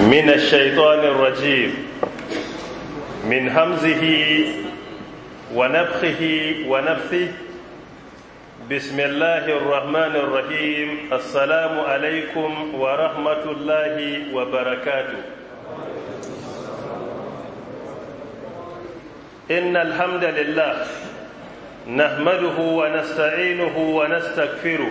من الشيطان الرجيم من همزه ونفخه ونفثه بسم الله الرحمن الرحيم السلام عليكم ورحمة الله وبركاته إن الحمد لله نحمده ونستعينه ونستغفره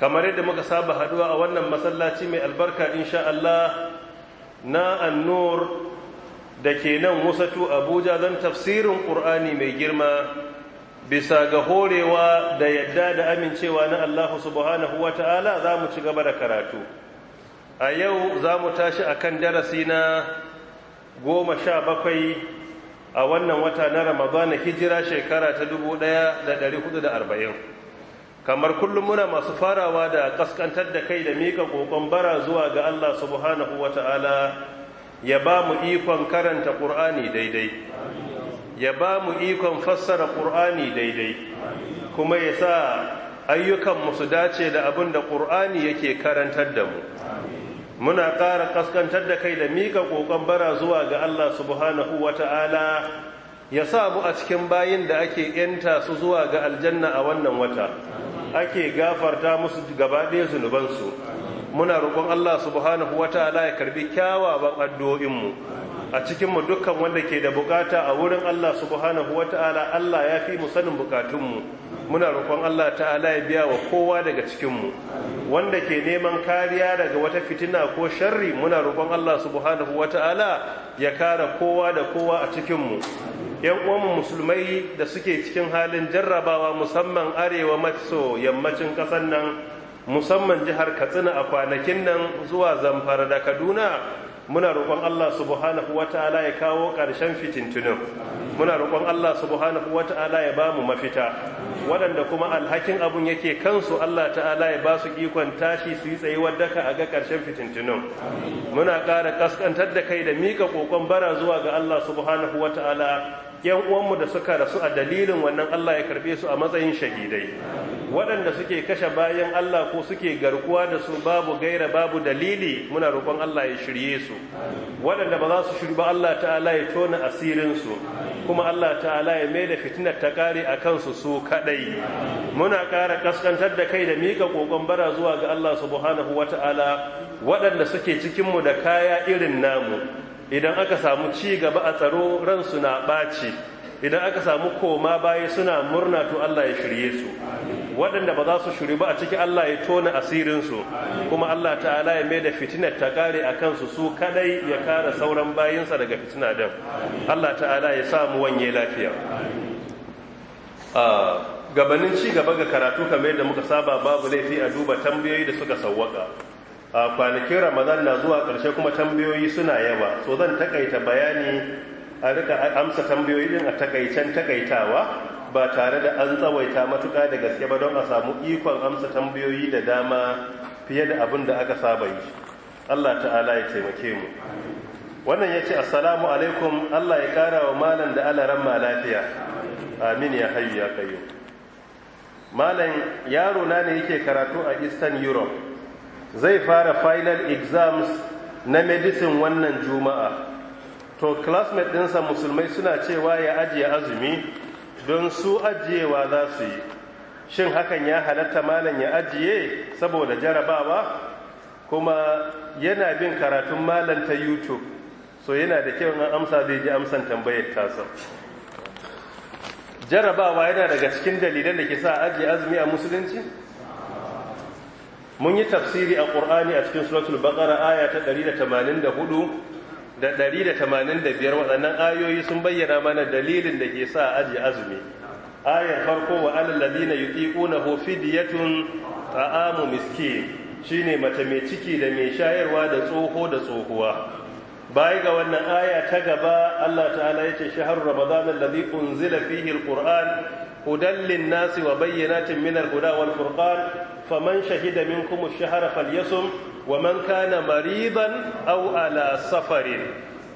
kamar yadda muka saba haduwa a wannan masallaci mai albarka insha Allah na annur da ke nan wusatu abuja don tafsirin ƙur'ani mai girma bisa ga horewa da yadda da amincewa na allahu subhanahu wa ta'ala za mu ci gaba da karatu a yau za mu tashi a kan darasi na goma sha bakwai a wannan wata na ramadana hijira shekara ta dubu ɗaya da ɗari da arba'in. kamar kullum muna masu farawa da kaskantar da kai da mika kokon bara zuwa ga Allah subhanahu wata'ala ya ba mu ikon karanta Qur'ani daidai ya ba mu ikon fassara Qur'ani daidai kuma ya sa ayyukan su dace da abin da Qur'ani yake karantar da mu muna ƙara kaskantar da kai da mika kokon bara zuwa ga Allah subhanahu wata'ala ya sa mu a cikin bayin da ake yanta su zuwa ga aljanna a wannan wata ake gafarta musu gaba ɗaya zunubansu muna roƙon Allah subhanahu wataala ya karbi kyawawan addu'o'inmu a cikinmu dukkan wanda ke da bukata a wurin Allah subhanahu wa ta'ala Allah ya fi musanin bukatunmu muna roƙon Allah ta'ala ya biya wa kowa daga cikinmu wanda ke neman kariya daga wata fitina ko sharri muna roƙon Allah subhanahu wa ta'ala ya kara kowa da kowa a cikinmu yan uwanmu musulmai da suke cikin halin jarrabawa musamman arewa maso yammacin ƙasar nan musamman jihar katsina a kwanakin nan zuwa zamfara da kaduna muna roƙon Allah subhanahu wata'ala ya kawo ƙarshen fitintunin muna roƙon Allah subhanahu wata'ala ya bamu mafita waɗanda kuma alhakin abun yake kansu Allah ta'ala ya basu su ikon tashi su yi tsayuwar daka a ga ƙarshen fitintunin muna ƙara ƙasƙantar da kai da mika ƙoƙon bara zuwa ga Allah subhanahu wata'ala yan uwanmu da suka rasu a dalilin wannan Allah ya karbe su a matsayin shahidai waɗanda suke kashe bayan Allah ko suke garkuwa da su babu gaira babu dalili muna roƙon Allah ya shirye su waɗanda ba za su shiru ba Allah ta'ala ya tona asirin su kuma Allah ta'ala ya mai da fitinar ta kare a kansu su kaɗai. muna ƙara kaskantar da kai da mika ƙoƙon bara zuwa ga Allah subhanahu ta'ala, waɗanda suke cikin mu da kaya irin namu idan aka samu ci gaba a tsaro ransu na ɓaci idan aka samu koma baya suna murna to Allah ya shirye su waɗanda ba za su shiri ba a ciki Allah ya tona asirinsu kuma Allah ta'ala ya mai da fitinar ta kare a kansu su kadai ya kare sauran bayinsa daga fitina dan, Allah ta'ala ya samu wanye lafiya gabanin ci gaba ga karatu kamar yadda muka saba babu laifi a duba tambayoyi da suka sawwaka a kwanakin ramadan na zuwa ƙarshe kuma tambayoyi suna yawa so zan takaita bayani a rika amsa tambayoyi din a takaicen takaitawa ba tare da an tsawaita matuƙa da gaske ba don a samu ikon amsa tambayoyi da dama fiye da abin da aka saba yi Allah ta'ala ya taimake mu wannan ya ce assalamu alaikum Allah ya ƙara wa malam da alaran ma lafiya amin ya hayyu ya kayo malam yaro na ne yake karatu a eastern europe zai fara final exams na medicine wannan juma'a to classmate ɗinsa musulmai suna cewa ya ajiye azumi don su ajiyewa za su yi shin hakan ya halatta malam ya ajiye saboda jarabawa kuma yana bin karatun malam ta youtube so yana da kyau an amsa zai ji amsan tambayar tasa jarabawa yana daga cikin dalilan da ke sa ajiye azumi a musulunci mun yi tafsiri a ƙur'ani a cikin suratul baqara aya ta 184 da 185 waɗannan ayoyi sun bayyana mana dalilin da ke sa aji azumi ayar farko wa alal ladina yutiqunahu fidyatun ta'amu miskin shine mace mai ciki da mai shayarwa da tsoho da tsohuwa baya ga wannan aya ta gaba Allah ta'ala yace shahar ramadan alladhi unzila fihi alquran هدى للناس وبينات من الهدى والفرقان فمن شهد منكم الشهر فليصم ومن كان مريضا أو ala safarin.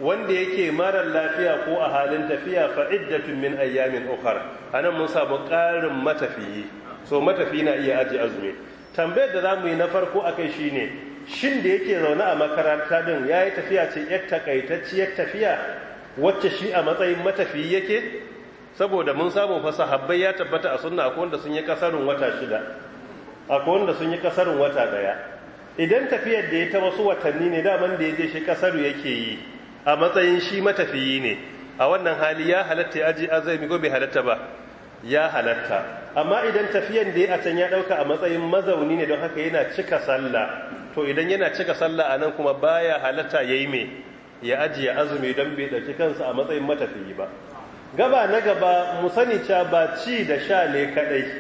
wanda yake mara lafiya ko a halin tafiya fa iddatun min ayyamin ukhra anan mun samu ƙarin matafiyi so matafi na iya aji azumi tambayar da zamu yi na farko akai shine shin da yake zaune a makaranta din yayi tafiya ce yar takaitacciyar tafiya wacce shi a matsayin matafiyi yake saboda mun samu fa sahabbai ya tabbata a sunna akwai wanda sun yi kasarun wata shida akwai wanda sun yi kasarun wata daya idan tafiyar da ya ta wasu watanni ne daman da ya je shi kasaru yake yi a matsayin shi matafiyi ne a wannan hali ya halatta ya ji azumi ko bai halatta ba ya halatta amma idan tafiyan da ya a can ya dauka a matsayin mazauni ne don haka yana cika sallah to idan yana cika sallah anan kuma baya halatta yayi me ya ajiye azumi don bai ɗauki kansa a matsayin matafiyi ba gaba na gaba Musanica ba ci da sha ne kadai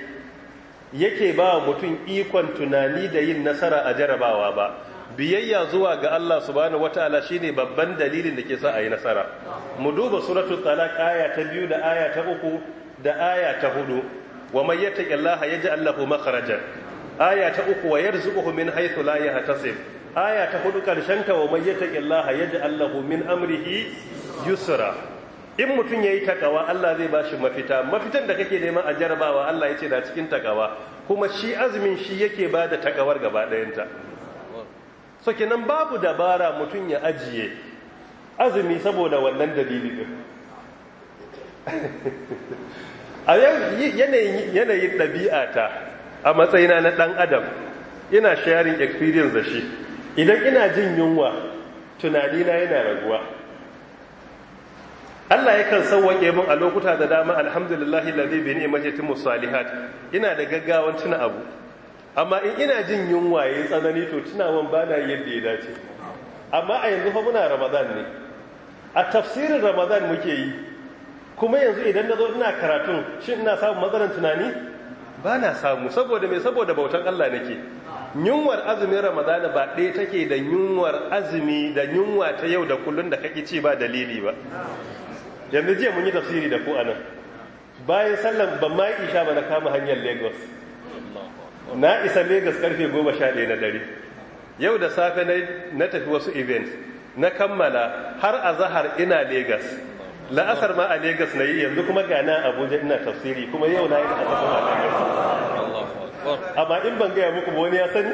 yake ba mutum ikon tunani da yin nasara a jarabawa ba biyayya zuwa ga Allah subhanahu wataala shine babban dalilin da ke sa ayi nasara mu duba suratul talaq aya ta biyu da aya ta uku da aya ta hudu wa man yattaqillaha yaj'al lahu makhrajan aya ta uku wa yarzuquhu min haythu la yahtasib aya ta hudu karshen ta wa man yattaqillaha yaj'al lahu min amrihi yusra in mutum ya yi takawa Allah zai ba shi mafita mafitan da kake neman a jarabawa Allah ya ce na cikin takawa kuma shi azumin shi yake ba da takawar gaba ɗayanta so kenan babu dabara mutum ya ajiye azumi saboda wannan dalili ɗin a yanayin ɗabi'a ta a matsayina na ɗan adam ina sharing experience da shi idan ina jin yunwa tunanina yana raguwa Allah yakan sauwaƙe min a lokuta da dama alhamdulillahi ladhi bi ni'matihi musalihat ina da gaggawan tuna abu amma in ina jin yunwa yayi tsanani to tunawan bana yadda ya dace amma a yanzu fa muna Ramadan ne a tafsirin Ramadan muke yi kuma yanzu idan na zo ina karatu shin ina samu matsalar tunani bana samu saboda me saboda bautan Allah nake yunwar azumin ramadan ba ɗaya take da yunwar azumi da yunwa ta yau da kullun da kake ci ba dalili ba yanzu jiya mun yi tafsiri da ku a bayan sallan ban ma isha ba na kama hanyar lagos na isa lagos karfe goma sha na dare yau da safe na tafi wasu event na kammala har a zahar ina lagos la'asar ma a lagos na yi yanzu kuma gana abuja ina tafsiri kuma yau na yi da a lagos amma in ban gaya muku wani ya sani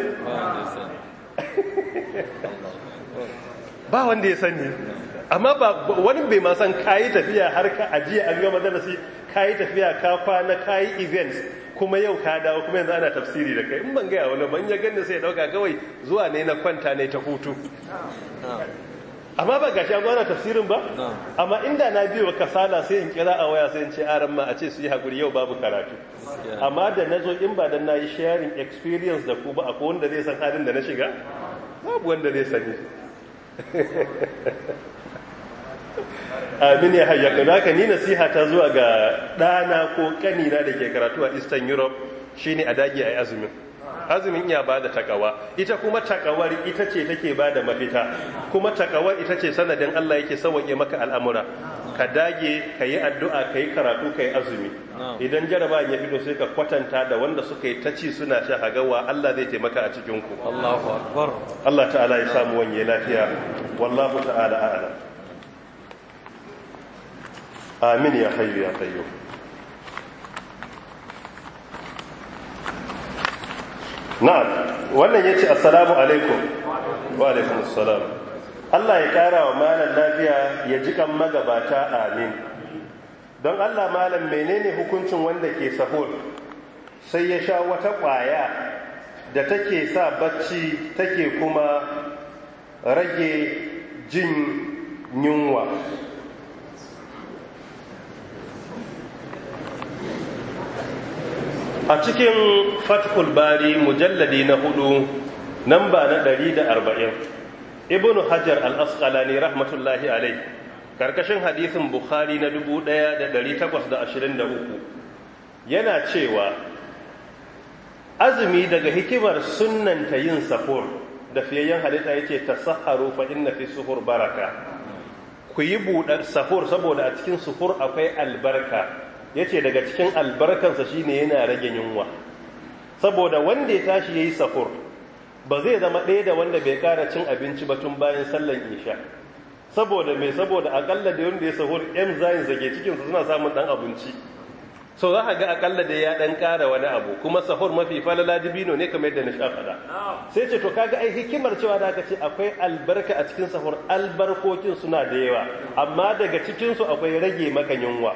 ba wanda ya sani amma ba wani bai ma san kayi tafiya har ka ajiye an gama darasi kayi tafiya ka kwana kayi events kuma yau ka dawo kuma yanzu ana tafsiri da kai in ban gaya wani ban ya ganin sai ya dauka kawai zuwa ne na kwanta ne ta hutu amma ba gashi an gwana tafsirin ba amma inda na biyo kasala sai in kira a waya sai in ce aran ma a ce su yi hakuri yau babu karatu amma da na zo in ba dan na yi sharing experience da ku ba akwai wanda zai san halin da na shiga babu wanda zai sani amin ya hayyaka na haka ni nasiha ta zuwa ga ɗana ko ƙanina da ke karatu a eastern europe Shi ne a dage a azumin azumin iya ba da takawa ita kuma takawar ita ce take ba da mafita kuma takawar ita ce sanadin allah yake sauwaƙe maka al'amura ka dage ka yi addu'a ka yi karatu ka yi azumi idan jaraba ya fito sai ka kwatanta da wanda suka yi ta ci suna sha hagawa Allah zai taimaka a cikinku Allah ta'ala ya samu wanye lafiya wallahu ta'ala a'ala amin ya hayyu ya qayyum na'am wannan yace assalamu alaikum wa alaikum assalam Allah ya kara wa malam lafiya ya ji kan magabata amin don Allah malam menene hukuncin wanda ke sahur sai ya sha wata kwaya da take sa bacci take kuma rage jin yunwa a cikin Fatihul bari mujalladi na hudu nan ba na da arba'in, ibn hajar al-asqalani rahmatullahi alai karkashin hadisin bukhari na dubu da da da takwas ashirin uku yana cewa azumi daga hikimar sunnanta yin safur da fiyayyen halitta yace tasahharu fa inna fi suhur baraka ku yi buɗar sahur saboda a cikin suhur akwai albarka Ya ce daga cikin albarkansa ne yana rage yunwa saboda wanda ya tashi ya yi sahur ba zai zama ɗaya da wanda bai ƙara cin abinci ba tun bayan sallan isha saboda mai saboda akalla da wanda ya sahur enzymes da zage cikinsu suna samun ɗan abinci so za a ga akalla da ya ɗan ƙara wani abu kuma sahur mafi falala dibino ne kamar yadda na sha faɗa sai ce to kaga ai hikimar cewa da aka ce akwai albarka a cikin sahur albarkokin suna da yawa amma daga cikinsu akwai rage maka yunwa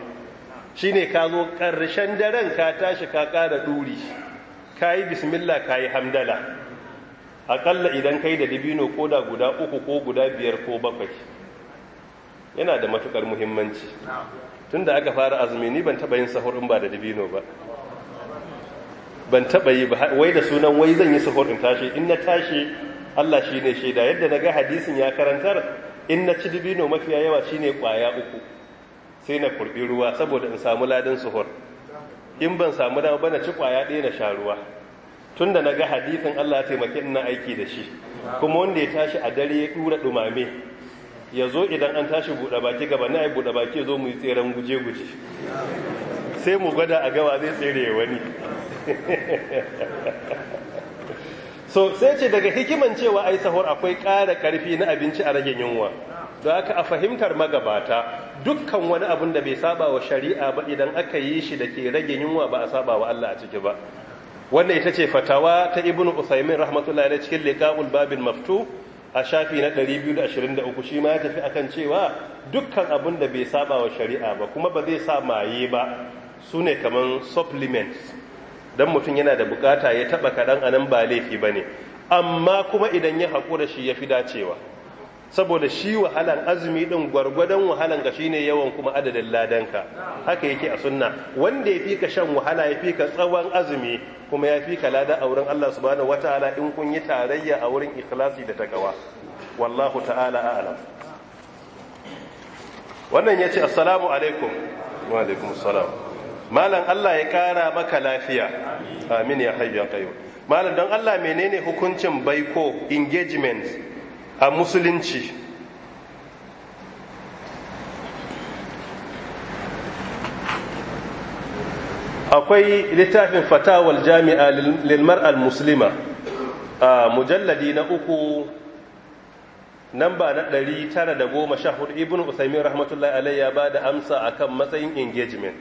Shi ne ka zo ƙarshen daren ka tashi ka ƙara ɗuri ka yi bismillah ka yi hamdala aƙalla idan ka yi da dabino ko da guda uku ko guda biyar ko bakwai yana da matuƙar muhimmanci tun da aka fara azumi ni ban taɓa yin sahur in ba da dabino ba ban taɓa yi ba wai da sunan wai zan yi sahur in tashi in na tashi Allah shi ne shaida yadda na ga hadisin ya karantar in na ci dabino mafiya yawa shi ne ƙwaya uku sai na kurbi ruwa saboda in samu ladin suhur in ban samu dama ba na ci kwaya ɗaya na sha ruwa tunda na ga hadisin Allah ya taimake ina aiki da shi kuma wanda ya tashi a dare ya dura dumame ya zo idan an tashi buɗe baki gaba na ai buɗe baki zo mu yi tseren guje-guje sai mu gwada a gawa zai tsere wani so sai ce daga hikiman cewa ai sahur akwai ƙara karfi na abinci a rage yunwa da haka a fahimtar magabata dukkan wani abun da bai saba wa shari'a ba idan aka yi shi da ke rage yunwa ba a saba wa Allah a ciki ba wannan ita ce fatawa ta ibnu usaimin rahmatullahi da cikin liqa'ul Babin maftu a shafi na 223 shi ma ya tafi akan cewa dukkan abun da bai saba wa shari'a ba kuma ba zai sa maye ba Su ne kaman supplements dan mutum yana da bukata ya taba kadan anan ba laifi ba ne amma kuma idan ya hakura shi yafi dacewa saboda shi wahalan azumi din gwargwadon wahalan ga shine yawan kuma adadin ladanka haka yake a sunna wanda ya fika shan wahala ya fika tsawon azumi kuma ya fika lada a wurin Allah subhanahu wataala in kun yi tarayya a wurin ikhlasi da takawa wallahu ta'ala a'lam wannan yace assalamu alaikum wa alaikum assalam malam Allah ya kara maka lafiya amin ya hayya qayyum malam don Allah menene hukuncin baiko engagement a musulunci akwai littafin fatawal jami'a lilmar al musulima a mujalladi na uku namba na ɗari, da goma sha 914 ibn usaimin rahmatullahi ya ba da amsa a kan matsayin engagement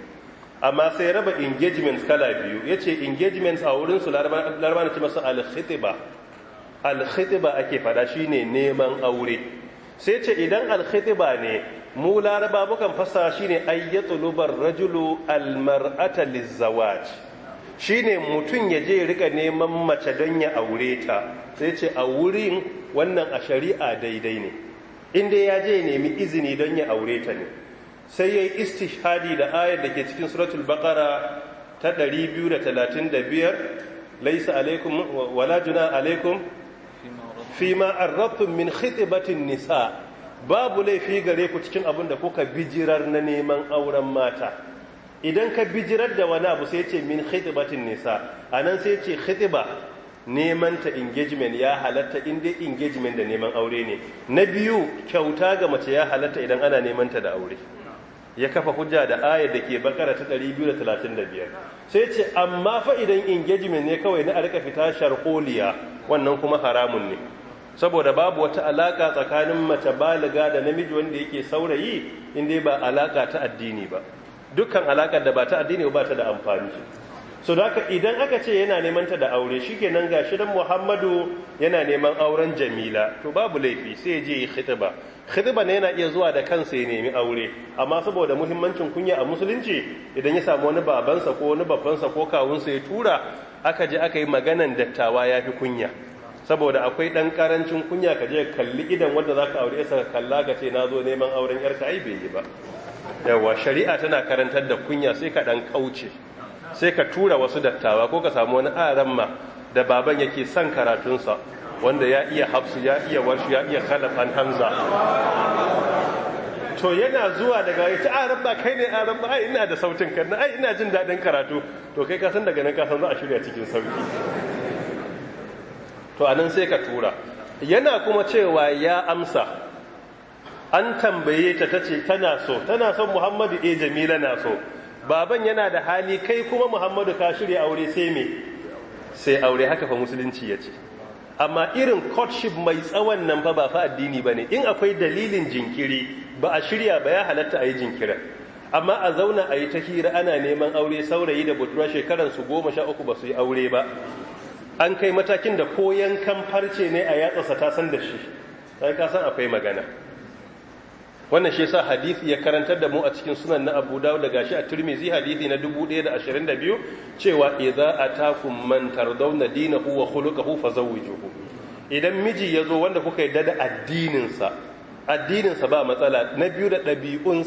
amma sai raba engagement kala biyu ya ce engagement a wurin su da ci masu al-khitiba alkhitiba ake fada shine neman aure sai ce idan alkhitiba ne mu laraba mukan fasa shine ayyatulubar rajulu almar'ata lizawaj shine mutum ya je rika neman mace don ya aure ta sai ce a wurin wannan a shari'a daidai ne inda ya je nemi izini don ya aure ta ne sai yayi istishhadi da ayar da ke cikin suratul baqara ta 235 laisa alaikum wala juna alaikum fi ma arrabtum min khitibatin nisa babu laifi gare ku cikin abin da kuka bijirar na neman auren mata idan ka bijirar da wani abu sai ce min khitibatin nisa nan sai ce khitiba neman ta engagement ya halatta inda engagement da neman aure ne na biyu kyauta ga mace ya halatta idan ana neman ta da aure ya kafa hujja da ayar da ke bakara ta 235 sai ce amma fa idan engagement ne kawai na a rika fita sharholiya wannan kuma haramun ne saboda babu wata alaka tsakanin mace baliga da namiji wanda yake saurayi inda ba alaka ta addini ba dukkan alakar da ba ta addini ba ta da amfani so da idan aka ce yana neman ta da aure shi shikenan gashi dan Muhammadu yana neman auren Jamila to babu laifi sai je yi khitba khitba ne yana iya zuwa da kansa ya nemi aure amma saboda muhimmancin kunya a musulunci idan ya samu wani babansa ko wani babansa ko kawunsa ya tura aka je aka yi maganan dattawa yafi kunya saboda akwai dan karancin kunya ka je kalli idan wanda zaka aure yasa kalla ka ce nazo neman auren yarka ai bai yi ba yawa shari'a tana karantar da kunya sai ka dan kauce sai ka tura wasu dattawa ko ka samu wani aramma da baban yake son karatunsa wanda ya iya hafsu ya iya warshi ya iya khalafan hamza to yana zuwa daga ita aran ah, ba kai ne aran ah, ba ai ina da sautin kan ai ina jin dadin karatu to kai ka san daga nan ka san za a shirya cikin sauki to anan sai ka tura yana kuma cewa ya amsa an tambaye ta tace tana so tana son Muhammadu eh Jamila na so baban yana da hali kai kuma Muhammadu ka shirya aure sai me sai aure haka fa musulunci yace amma irin courtship mai tsawon nan fa ba fa addini bane in akwai dalilin jinkiri ba a shirya ba ya halatta a yi jinkirin amma a zauna a yi ta hira ana neman aure saurayi da budurwa shekaran su goma sha uku ba su yi aure ba an kai matakin da koyan yankan farce ne a sa ta san da shi sai ka san akwai magana wannan shi yasa hadisi ya karantar da mu a cikin sunan na Abu Dawud da gashi a Tirmidhi hadisi na 1122 cewa idza atakum man tardawna dinahu wa khuluquhu fazawwijuhu idan miji yazo wanda kuka yarda da addinin sa addinin sa ba matsala na biyu da dabi'un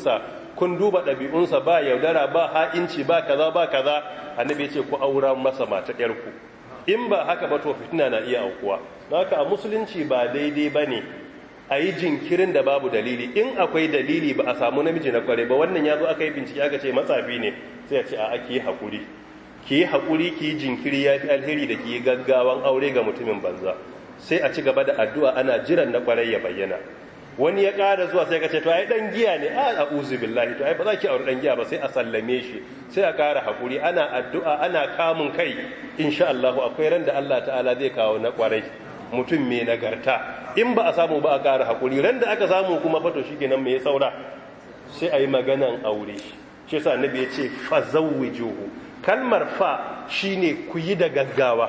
kun duba dabi'un ba yaudara ba ha'inci ba kaza ba kaza annabi ya ce ku aura masa mata yarku in ba haka ba to fitina na iya aukuwa haka a musulunci ba daidai ba ne a yi jinkirin da babu dalili in akwai dalili ba a samu namiji na kware ba wannan ya zo aka yi bincike aka ce matsafi ne sai a ce a ake haƙuri ki yi haƙuri ki yi jinkiri ya fi alheri da ki yi gaggawan aure ga mutumin banza sai a ci gaba da addu'a ana jiran na kwarai ya bayyana wani ya ƙara zuwa sai ka ce to ai dan giya ne a a'udhu billahi to ai ba za ki aure dan giya ba sai a sallame shi sai a ƙara hakuri ana addu'a ana kamun kai insha Allah akwai ran da Allah ta'ala zai kawo na kwarai mutum mai nagarta in ba a samu ba a ƙara hakuri ran da aka samu kuma fa fato shikenan mai saura sai a maganan aure shi yasa annabi ya ce fa zawwijuhu kalmar fa shine ku yi da gaggawa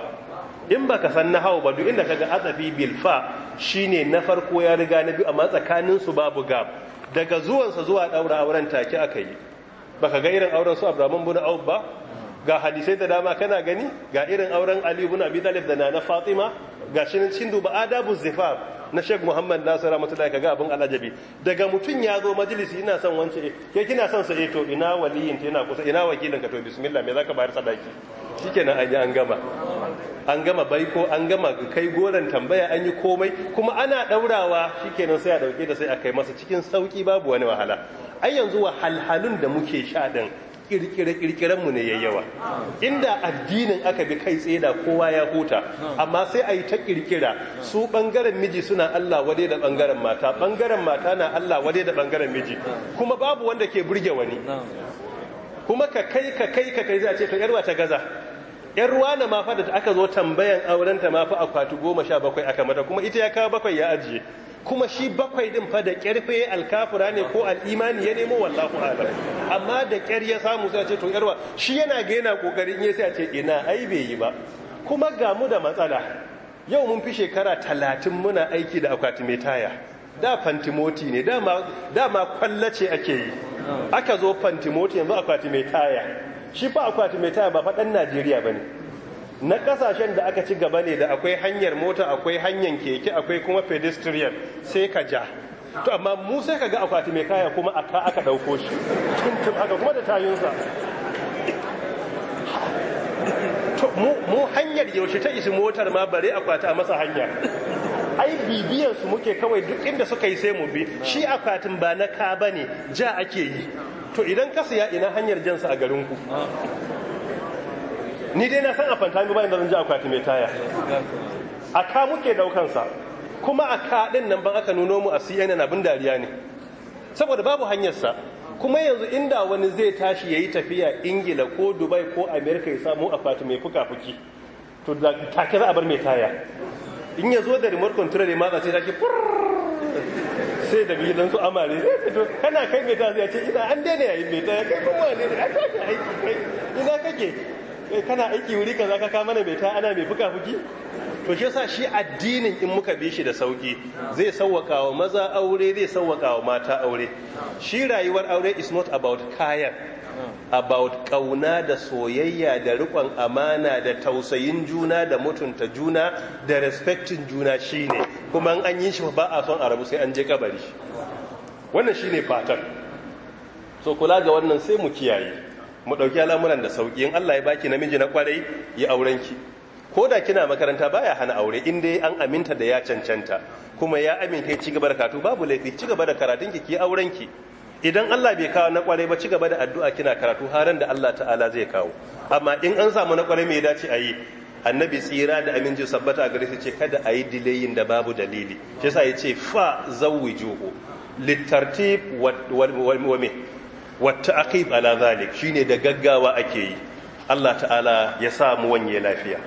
in baka san nahau ba duk inda kaga asafi bil fa Shi ne na farko ya riga na biyu amma tsakanin su babu gab daga zuwansa zuwa daura auren take aka yi ka ga irin auren su abramun bin Auf ba ga hadisai da dama kana gani ga irin auren Ali bin Abi Talib da Nana Fatima ga shi cindu duba adabu zifaf na Sheikh Muhammad Nasir rahmatullahi kaga abin alajabi daga mutun ya zo majalisi ina son wance ke kina son sa eto eh to ina waliyin ina kusa ina wakilin ka to bismillah me zaka bayar sadaki shikenan an yi an gama an gama baiko an gama kai goron tambaya an yi komai kuma ana daurawa shikenan sai a dauke da sai a kai masa cikin sauki babu wani wahala ai yanzu wahalhalun da muke sha din kirkire-kirkiren mu ne yayyawa inda addinin aka bi kai tsaye da kowa ya huta amma sai a yi ta kirkira su bangaren miji suna Allah wade da bangaren mata bangaren mata na Allah wade da bangaren miji kuma babu wanda ke burge wani kuma ka kai ka kai ka kai za a ce ta yarwa ta gaza ‘yan ruwa na mafa da aka zo tambayan auren ta mafi akwati goma sha bakwai aka mata kuma ita ya kawo bakwai ya ajiye kuma shi bakwai din fa da ƙarfe alkafura ne ko al'imani ya nemo wallahu ala. amma da ƙyar ya samu sai a ce to yarwa shi yana ga yana kokarin ya sai a ce ina ai bai yi ba kuma ga mu da matsala yau mun fi shekara talatin muna aiki da akwati mai taya da fantimoti ne dama kwallace ake yi aka zo fantimoti yanzu akwati mai taya shi fa akwati mai taya ba faɗan najeriya ba ne na ƙasashen da aka ci gaba ne da akwai hanyar mota akwai hanyar keke akwai kuma pedestrian sai ka ja to amma mu sai ka ga akwati mai kaya kuma aka aka ɗauko shi tuntun haka kuma da tayunsa mu hanyar yaushe ta isi motar ma bare akwati a masa hanya ai bibiyar su muke kawai duk inda suka yi sai mu bi shi akwatin ba na ka bane ja ake yi to idan ka siya ina hanyar jansa a garinku ni dai na san a fantami bayan da zan ji akwati mai taya a ka muke daukansa kuma a ka din nan ban aka nuno mu a cnn abin dariya ne saboda babu hanyarsa kuma yanzu inda wani zai tashi ya yi tafiya ingila ko dubai ko amerika ya samu a fati mai fuka-fuki to da take za a bar mai taya in ya zo da remote control ya matsa sai take furr sai da bilan su amare kana kai mai ta zai ce ina an daina yayin mai ta ya kai kuma ne a tashi aiki kai ina kake kai kana aiki wuri kaza ka kama mana mai ta ana mai fuka fuki to shi yasa shi addinin in muka bi shi da sauki zai sauwaka wa maza aure zai sauwaka wa mata aure shi rayuwar aure is not about kayan about kauna da soyayya da rikon amana da tausayin juna da mutunta juna da respectin juna shine kuma an yi shi ba a son a rabu sai an je kabari wannan shi ne fatan so kula ga wannan sai mu kiyaye mu ɗauki al'amuran da sauki in Allah ya baki namiji na kwarai yi auren ki ko da kina makaranta baya hana aure in dai an aminta da ya cancanta kuma ya aminta ci gaba da karatu babu laifi ci gaba da karatun ki ki auren ki idan Allah bai kawo na kwarai ba cigaba da addu'a kina karatu haran da Allah ta'ala zai kawo amma in an samu na kwarai mai dace a yi annabi tsira da aminci sabbata a gare ce kada a yi dilayin da babu dalili shi sa ya ce fa zawwi juhu littartib wame wata aqib ala zalik shine da gaggawa ake yi Allah ta'ala ya sa mu wanye lafiya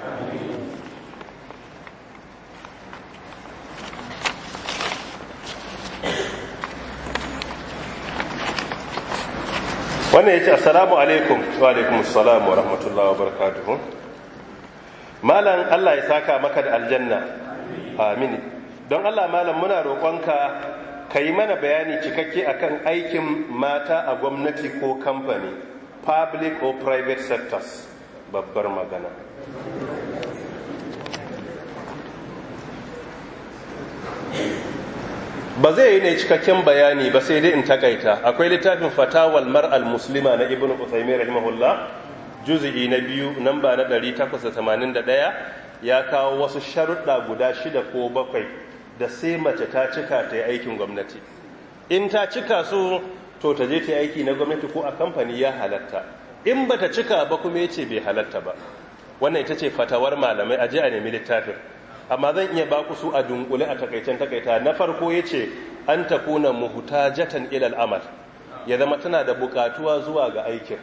wannan ya ce assalamu alaikum wa alaikum salam wa rahmatullahi wa barakatuhu malam Allah ya saka maka da aljanna amin don Allah malam muna roƙonka ka yi mana bayani cikakke akan aikin mata a gwamnati ko kamfani public or private sectors babbar magana ba zai yi ne cikakken bayani ba sai dai in takaita akwai littafin fatawal mar'al muslima na ibnu Uthaymeen rahimahullah juzi'i na biyu namba na 881 ya kawo wasu sharuɗa guda shida ko bakwai da sai mace ta cika ta yi aikin gwamnati in ta cika su to ta je ta yi aiki na gwamnati ko a kamfani ya halatta in ba ta cika ba kuma ya ce bai halatta ba wannan ita ce fatawar malamai a a nemi littafin amma zan iya baku su a dunkule a takaicen takaita na farko ya ce an takuna muhuta jatan ilal amal ya zama tana da bukatuwa zuwa ga aikin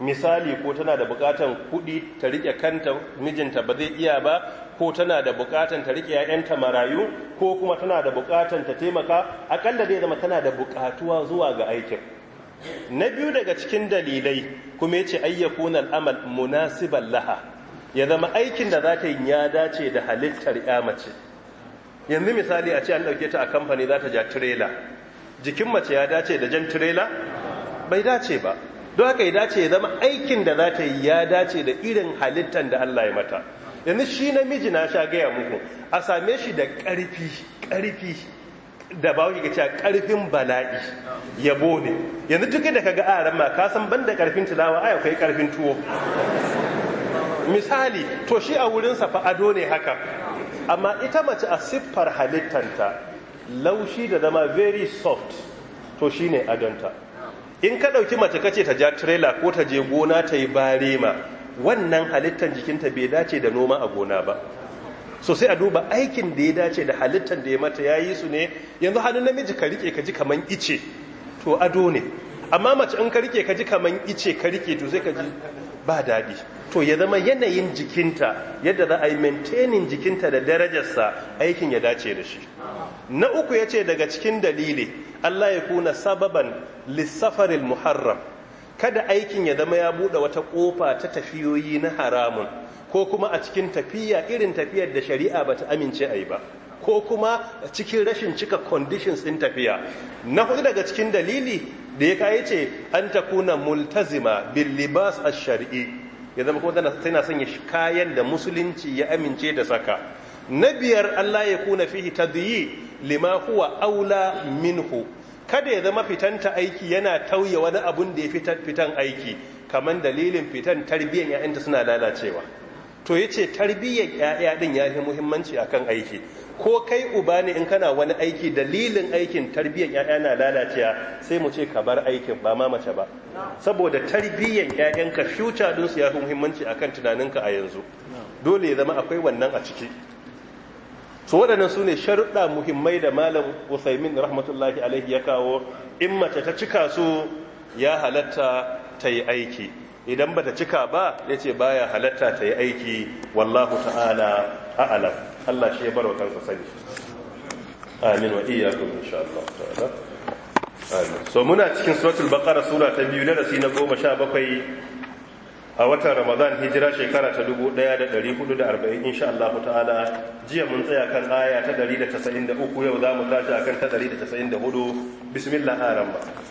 misali ko tana da bukatan kuɗi ta rike kanta mijinta ba zai iya ba ko tana da bukatan ta rike ‘ya'yanta marayu ko kuma tana da bukatan ta taimaka akalla zai zama tana da bukatuwa zuwa ga aikin na biyu daga cikin dalilai kuma ya ce ayyakun al'amal munasiban laha ya zama aikin da za ta yi ya dace da halittar ya mace yanzu misali a ce an ɗauke ta a kamfani za ta ja tirela jikin mace ya dace da jan tirela bai dace ba don haka ya dace ya zama aikin da za ta yi ya dace da irin halittar da Allah ya mata yanzu shi namiji na sha gaya muku a same shi da ƙarfi ƙarfi da ba wuce cewa ƙarfin bala'i yabo ne yanzu duk da kaga aran ma ka san banda ƙarfin tilawa yau akwai ƙarfin tuwo misali to shi a wurin fa ado ne haka amma ita mace a siffar halittanta laushi da zama very soft to shi ne adonta in ka ɗauki mace kace ta ja trailer ko ta je gona ta yi barema wannan halittar jikinta bai dace da noma a gona ba so sai a duba aikin da ya dace da halittar da ya mata ya yi su ne yanzu hannun namiji ka rike ka ji kamar ice to ado ne amma mace in ka rike ka ji kaman ice ka rike to sai ka ji ba daɗi to ya zama yanayin jikinta yadda za a yi maintaining jikinta da darajarsa aikin ya dace da shi na uku ya ce daga cikin dalili Allah ya kuna sababan lissafarin muharram kada aikin ya zama ya buɗe wata ƙofa ta tafiyoyi na haramun ko kuma a cikin tafiya irin tafiyar da shari'a ba ta amince a yi ba ko kuma cikin rashin cika conditions ɗin tafiya na hudu daga cikin dalili da ya kayi ce an ta kuna multazima billibas a shari'i ya zama kuma tana sanya kayan da musulunci ya amince da saka na biyar Allah ya kuna fihi tadyi lima huwa aula minhu kada ya zama fitanta aiki yana tauye wani abun da ya fitan aiki kamar dalilin fitan tarbiyyar ya'yanta suna lalacewa to ya ce tarbiyyar ‘ya'ya din ya fi muhimmanci a kan aiki ko kai uba ne in kana wani aiki dalilin aikin tarbiyyar ‘ya'ya na lalacewa sai mu ce ka bar aikin ba ma mace ba saboda tarbiyyar ‘ya'yanka future su ya fi muhimmanci a kan tunaninka a yanzu dole ya zama akwai wannan a ciki su waɗannan su ne sharuɗa muhimmai da malam usaimin rahmatullahi alaihi ya kawo in mace ta cika su ya halatta ta yi aiki idan bata cika ba ya ba baya halatta ta yi aiki wallahu ta'ala a'lam Allah shi ya barwa kansa sani amin wa kuma insha Allah ta'ala amin so muna cikin suratul baqara sura ta biyu na rasi na bakwai a watan ramadan hijira shekara ta dubu da arba'in insha Allah ta'ala jiya mun tsaya kan aya ta da da tasa'in uku, yau za mu tashi akan ta hudu. bismillah arrahman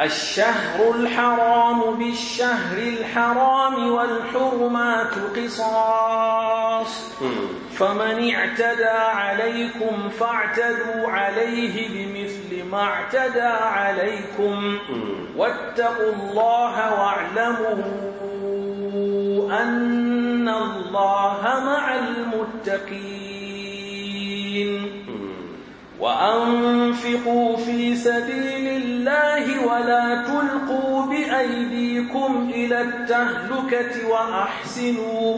الشهر الحرام بالشهر الحرام والحرمات قصاص فمن اعتدى عليكم فاعتدوا عليه بمثل ما اعتدى عليكم واتقوا الله واعلموا أن الله مع المتقين وأنفقوا في سبيل الله ولا تلقوا بأيديكم إلى التهلكة وأحسنوا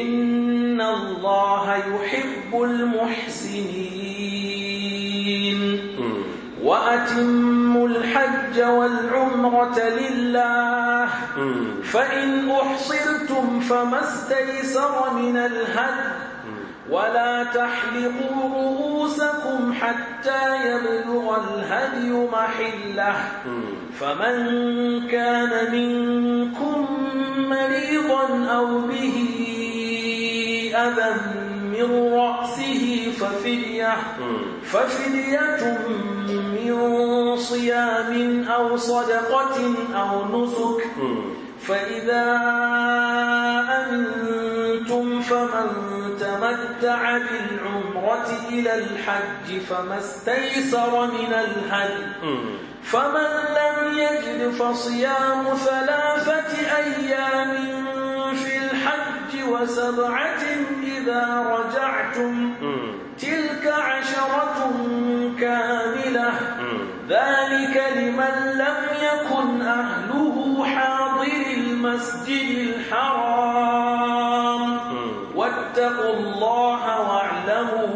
إن الله يحب المحسنين وأتموا الحج والعمرة لله فإن أحصرتم فما استيسر من الهدي ولا تحلقوا رؤوسكم حتى يبلغ الهدي محله فمن كان منكم مريضا أو به أذى من رأسه ففدية, ففدية من صيام أو صدقة أو نسك فإذا عن العمرة إلى الحج فما استيسر من الهدي فمن لم يجد فصيام ثلاثة أيام في الحج وسبعة إذا رجعتم تلك عشرة كاملة ذلك لمن لم يكن أهله حاضر المسجد الحرام فاتقوا الله واعلموا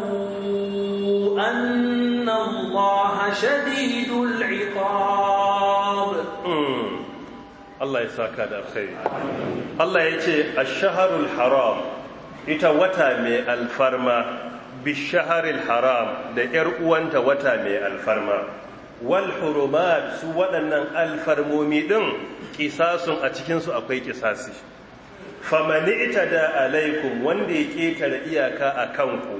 أن الله شديد العقاب hmm. Allah ya saka Allah ya ce haram ita wata mai alfarma bishaharil haram da ‘yar uwanta wata mai alfarma wal hurumat su waɗannan alfarmomi ɗin ƙisasun a cikinsu akwai ƙisasi famani ita da alaikum wanda ya ƙetare iyaka a kanku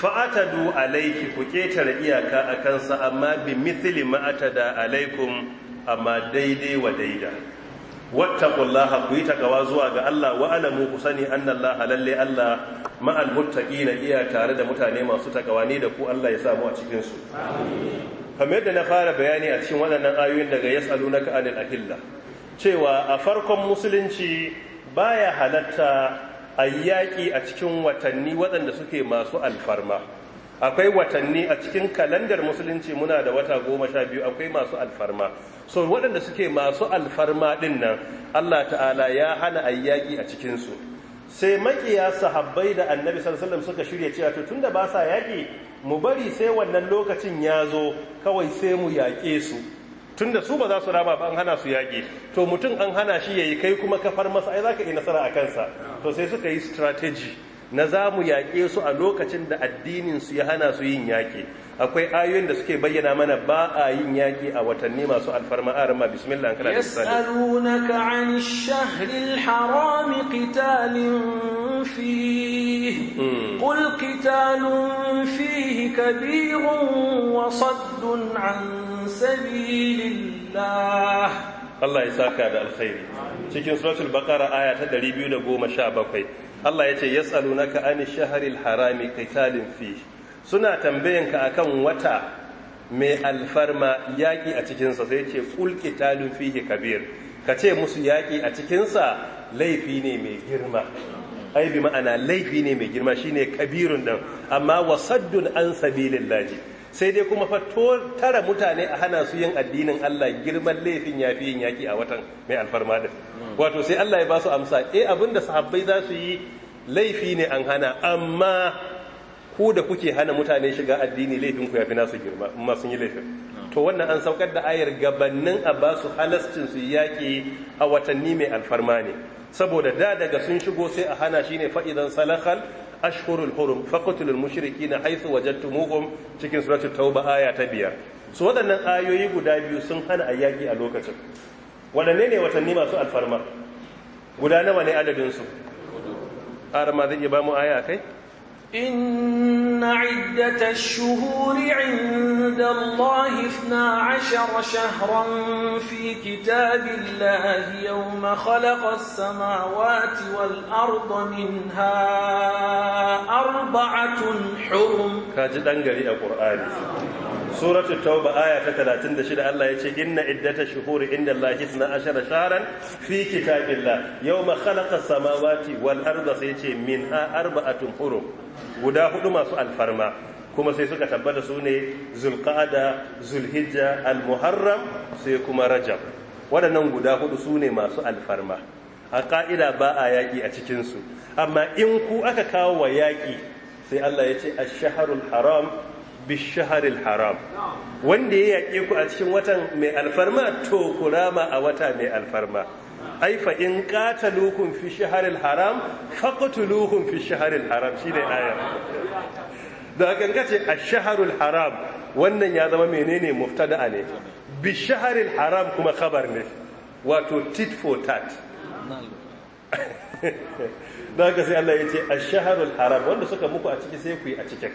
fa'atadu alaiki ku ƙetare iyaka a kansa amma bi mithili ma'ata da alaikum amma daidai wa daida wattaqullaha ku yi takawa zuwa ga Allah wa alamu ku sani annallaha lalle Allah ma'al na iya tare da mutane masu takawa ne da ku Allah ya samu a cikinsu. kamar yadda na fara bayani a cikin waɗannan ayoyin daga yas'alunaka anil ahilla cewa a farkon musulunci baya halatta a a cikin watanni waɗanda suke masu alfarma akwai watanni a cikin kalandar musulunci muna da wata goma sha biyu akwai masu alfarma so waɗanda suke masu alfarma ɗin nan allah ta'ala ya hana a yaƙi a cikinsu sai makiya sahabbai da annabi sallallahu suka shirya cewa to da ba sa yaƙi mu bari sai wannan lokacin ya zo kawai sai mu yaƙe su tunda su ba za su rama ba an hana su yaƙi to mutum an hana shi yayi kai kuma kafar masa ai zaka yi nasara a kansa to sai suka yi strategy na za mu yaƙe su a lokacin da addinin su ya hana su yin yaƙi akwai ayoyin da suke bayyana mana ba a yin yaƙi a watanni masu alfarma arama bismillah kana da sani yasalunaka 'anil shahril haram qitalun fihi hmm. qul qitalun fihi kabirun wa saddun 'an sabilillah Allah ya saka da alkhairi cikin suratul baqara aya ta 217 Allah ya ce yasalunaka an shahri harami qitalun fihi suna tambayanka akan wata mai alfarma yaƙi a cikinsa sai ce ƙulƙi talin fihe kabir ka ce musu yaƙi a cikinsa laifi ne mai girma ai bi ma'ana laifi ne mai girma shine kabirun ɗin amma wasaddun an sabilin laji sai dai kuma fato tara mutane a hana su yin addinin Allah girman laifin yafi yin yaki a watan mai alfarma din wato sai Allah ya ba su amsa eh abinda sahabbai za su yi laifi ne an hana amma ku da kuke hana mutane shiga addini laifin ku fi nasu girma amma sun yi laifin to wannan an saukar da ayar gabannin a ba su halascin su yaƙi a watanni mai alfarma ne saboda da daga sun shigo sai a hana shine fa'idan salakal ashhurul hurum faqtulul mushrikina haythu wajadtumuhum cikin suratul tauba aya ta biyar su waɗannan ayoyi guda biyu sun hana a yaƙi a lokacin waɗanne ne watanni masu alfarma guda nawa ne adadinsu arama zai ya ba mu aya kai إن عدة الشهور عند الله اثنا عشر شهرا في كتاب الله يوم خلق السماوات والأرض منها أربعة حرم كاجدان قريء القرآن suratul tauba aya ta 36 Allah ya ce inna iddata shuhuri inda Allah isna ashara sharan fi kitabillah yawma khalaqa samawati wal arda sai ce min ha arba'atun hurum guda hudu masu alfarma kuma sai suka tabbata su ne zulhija, zulhijja almuharram sai kuma rajab waɗannan guda hudu su ne masu alfarma a ka'ida ba a yaƙi a cikinsu amma in ku aka kawo wa yaƙi sai Allah ya ce a haram bishaharil haram wanda ya yaƙe ku a cikin watan mai alfarma to ku a wata mai alfarma ai fa in lukun fi shaharil haram faqtuluhum fi shaharil haram shine ayar da kan kace ash-shahrul haram wannan ya zama menene mubtada ne bishaharil haram kuma khabar ne wato tit for tat da haka sai Allah ya ce a shaharul haram wanda suka muku a ciki sai ku yi a cikin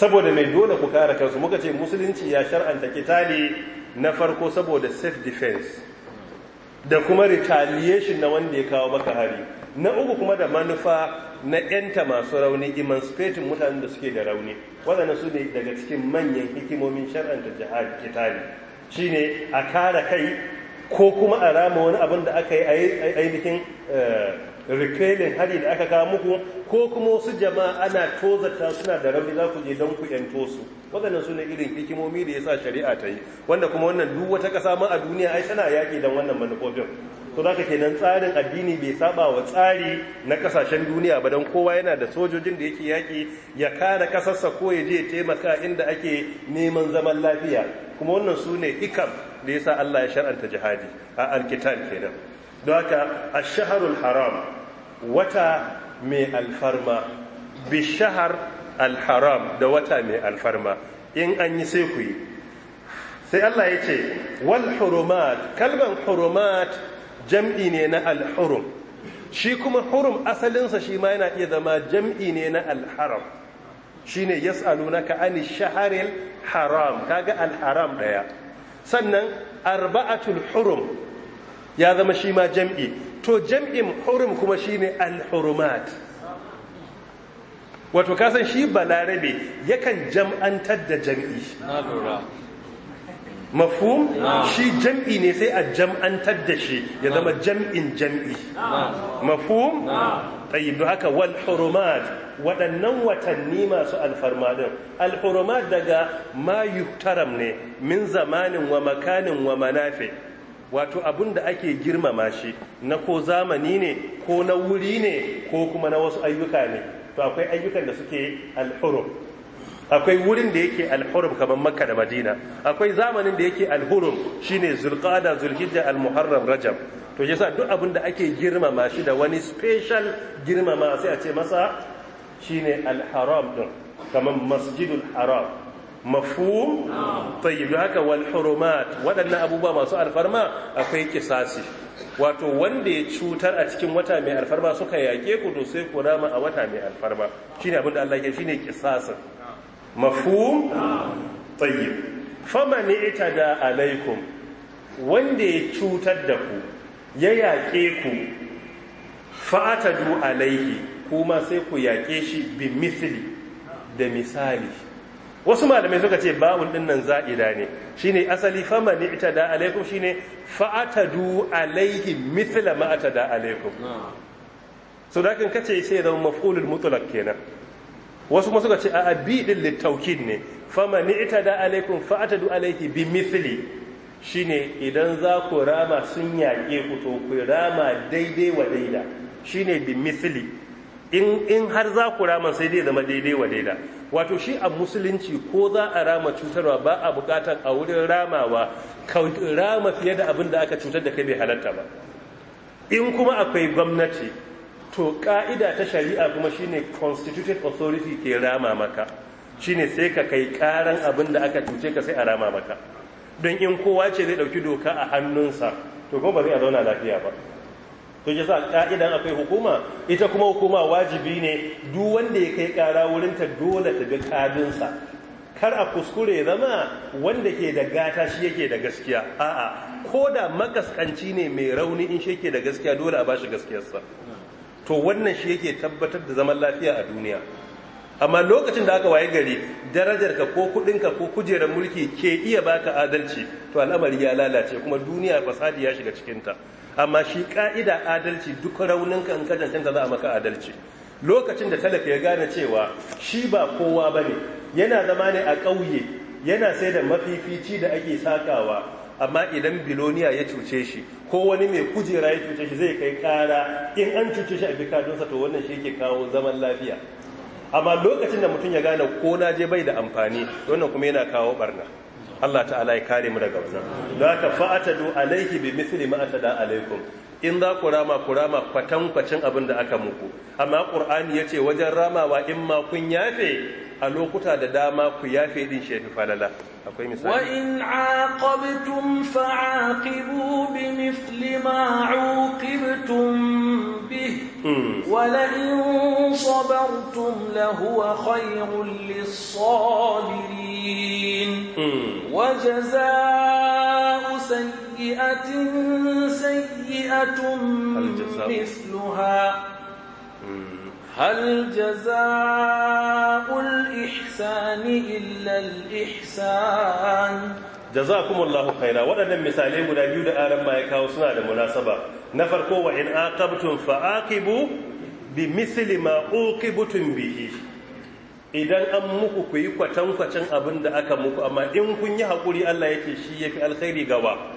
saboda mai dole ku kare kansu muka ce musulunci ya shar'anta kitali na farko saboda self defense da kuma retaliation na wanda ya kawo maka hari na uku kuma da manufa na yanta masu rauni emancipating mutanen da suke da rauni waɗanda su ne daga cikin manyan hikimomin shar'anta jihad kitali shine a kare kai ko kuma a rama wani abin da aka yi ainihin rikailin hari da aka kawo muku ko kuma wasu jama'a ana tozata suna da rauni za ku je don ku yanto su waɗannan su ne irin hikimomi da ya sa shari'a ta yi wanda kuma wannan duk wata ƙasa ma a duniya ai tana yaƙi don wannan manufofin to da kenan tsarin addini bai saba wa tsari na kasashen duniya ba don kowa yana da sojojin da yake yaƙi ya kare kasarsa ko ya je taimaka inda ake neman zaman lafiya kuma wannan su ne hikam da ya sa Allah ya shar'anta jihadi a alkitab kenan don haka ash-shahrul haram wata mai alfarma bishahar alharam da wata mai alfarma in an yi sai ku yi sai Allah ya ce wal hurumat kalban hurumat jam'i ne na alhurum shi kuma hurum asalinsa shi ma yana iya zama jam'i ne na alharam shine yas'alunaka ani shaharil haram kaga alharam daya sannan arba'atul hurum ya zama shi ma jam'i to jam'in hurum kuma shine ne hurumat wato kasan shi balarabe yakan jam'antar da jam'i mafhum shi jam'i ne sai a jam'antar da shi ya zama jam'in jam'i mafhum tayyib haka wal waɗannan watanni masu alfarma din daga mayu taram ne min zamanin wa makanin wa manafe. wato abun da ake girmama shi na ko zamani ne ko na wuri ne ko kuma na wasu ayyuka ne to akwai ayyukan da suke alhurum akwai wurin da yake alhurum kamar makka da madina akwai zamanin da yake alhurum shine zulqada zulhijja almuharram rajab to yasa duk abin da ake girmama shi da wani special girmama sai a ce masa shine alharam din kamar masjidul haram mafhum tayyib haka wal hurumat waɗannan abubuwa masu alfarma akwai kisasi wato wanda ya cutar a cikin wata mai alfarma suka yaƙe ku to sai ku rama a wata mai alfarma shi abin da Allah ke shi ne kisasin fama ne ita da alaikum wanda ya cutar da ku ya yaƙe ku fa'atadu alaihi kuma sai ku yaƙe shi bi misali da misali wasu malamai suka ce ba'un din nan za'ida ne shine asali fama ni itada alaikum shine fa'atadu alaihi mithla ma atada alaikum so da kan kace sai zama maf'ulul mutlaq kenan wasu suka ce a bi din litaukid ne fama ni itada alaikum fa'atadu alaihi bi mithli shine idan za ku rama sun yaƙe ku to ku rama daidai wa daida shine bi mithli in in har za ku rama sai dai zama daidai wa daida wato shi a musulunci ko za a rama cutarwa ba a bukatar a wurin ramawa ka rama fiye da abin da aka cutar da kai bai halatta ba in kuma akwai gwamnati to ka'ida ta shari'a kuma shine constituted authority ke rama maka shine sai ka kai karan abin da aka cuce ka sai a rama maka don in kowa ce zai dauki doka a hannunsa to kuma ba zai a zauna lafiya ba to yasa ka'idan akwai hukuma ita kuma hukuma wajibi ne duk wanda ya kai kara wurin ta dole ta ga sa kar a kuskure zama wanda ke da gata shi yake da gaskiya a'a ko da makaskanci ne mai rauni in shi yake da gaskiya dole a bashi gaskiyarsa to wannan shi yake tabbatar da zaman lafiya a duniya amma lokacin da aka waye gari darajar ka ko ka ko kujerar mulki ke iya baka adalci to al'amari ya lalace kuma duniya fasadi ya shiga cikin ta amma shi ka'ida adalci duk raunin kan in za a maka adalci lokacin da talaka ya gane cewa shi ba kowa ba ne yana zama ne a ƙauye yana sai da mafifici da ake sakawa amma idan biloniya ya cuce shi ko wani mai kujera ya cuce shi zai kai kara in an cuce shi a bikadunsa to wannan shi yake kawo zaman lafiya amma lokacin da mutum ya gane ko na je bai da amfani wannan kuma yana kawo barna Allah ta'ala ya kare mu daga wannan la ta fa'atadu alayhi bi mithli ma atada alaikum in za ku rama ku rama kwatankwacin abin da aka muku amma qur'ani yace wajen ramawa in ma kun yafe a lokuta da dama ku yafe din shi falala akwai misali wa in aqabtum fa'aqibu bi mithli ma uqibtum bih hmm. wa la in sabartum lahuwa khayrun lis-sabirin hmm. wa jazaa'u sayyi'atin sayyi'atun mithluha hmm. هل جزاء الإحسان إلا Jaza جزاكم الله خيرا waɗannan misalai guda biyu da aran ma ya kawo suna da munasaba na farko wa'in in aqabtum fa aqibu bi misli ma uqibtum bihi idan an muku ku yi kwatankwacin abin da aka muku amma in kun yi haƙuri Allah yake shi yafi alkhairi gaba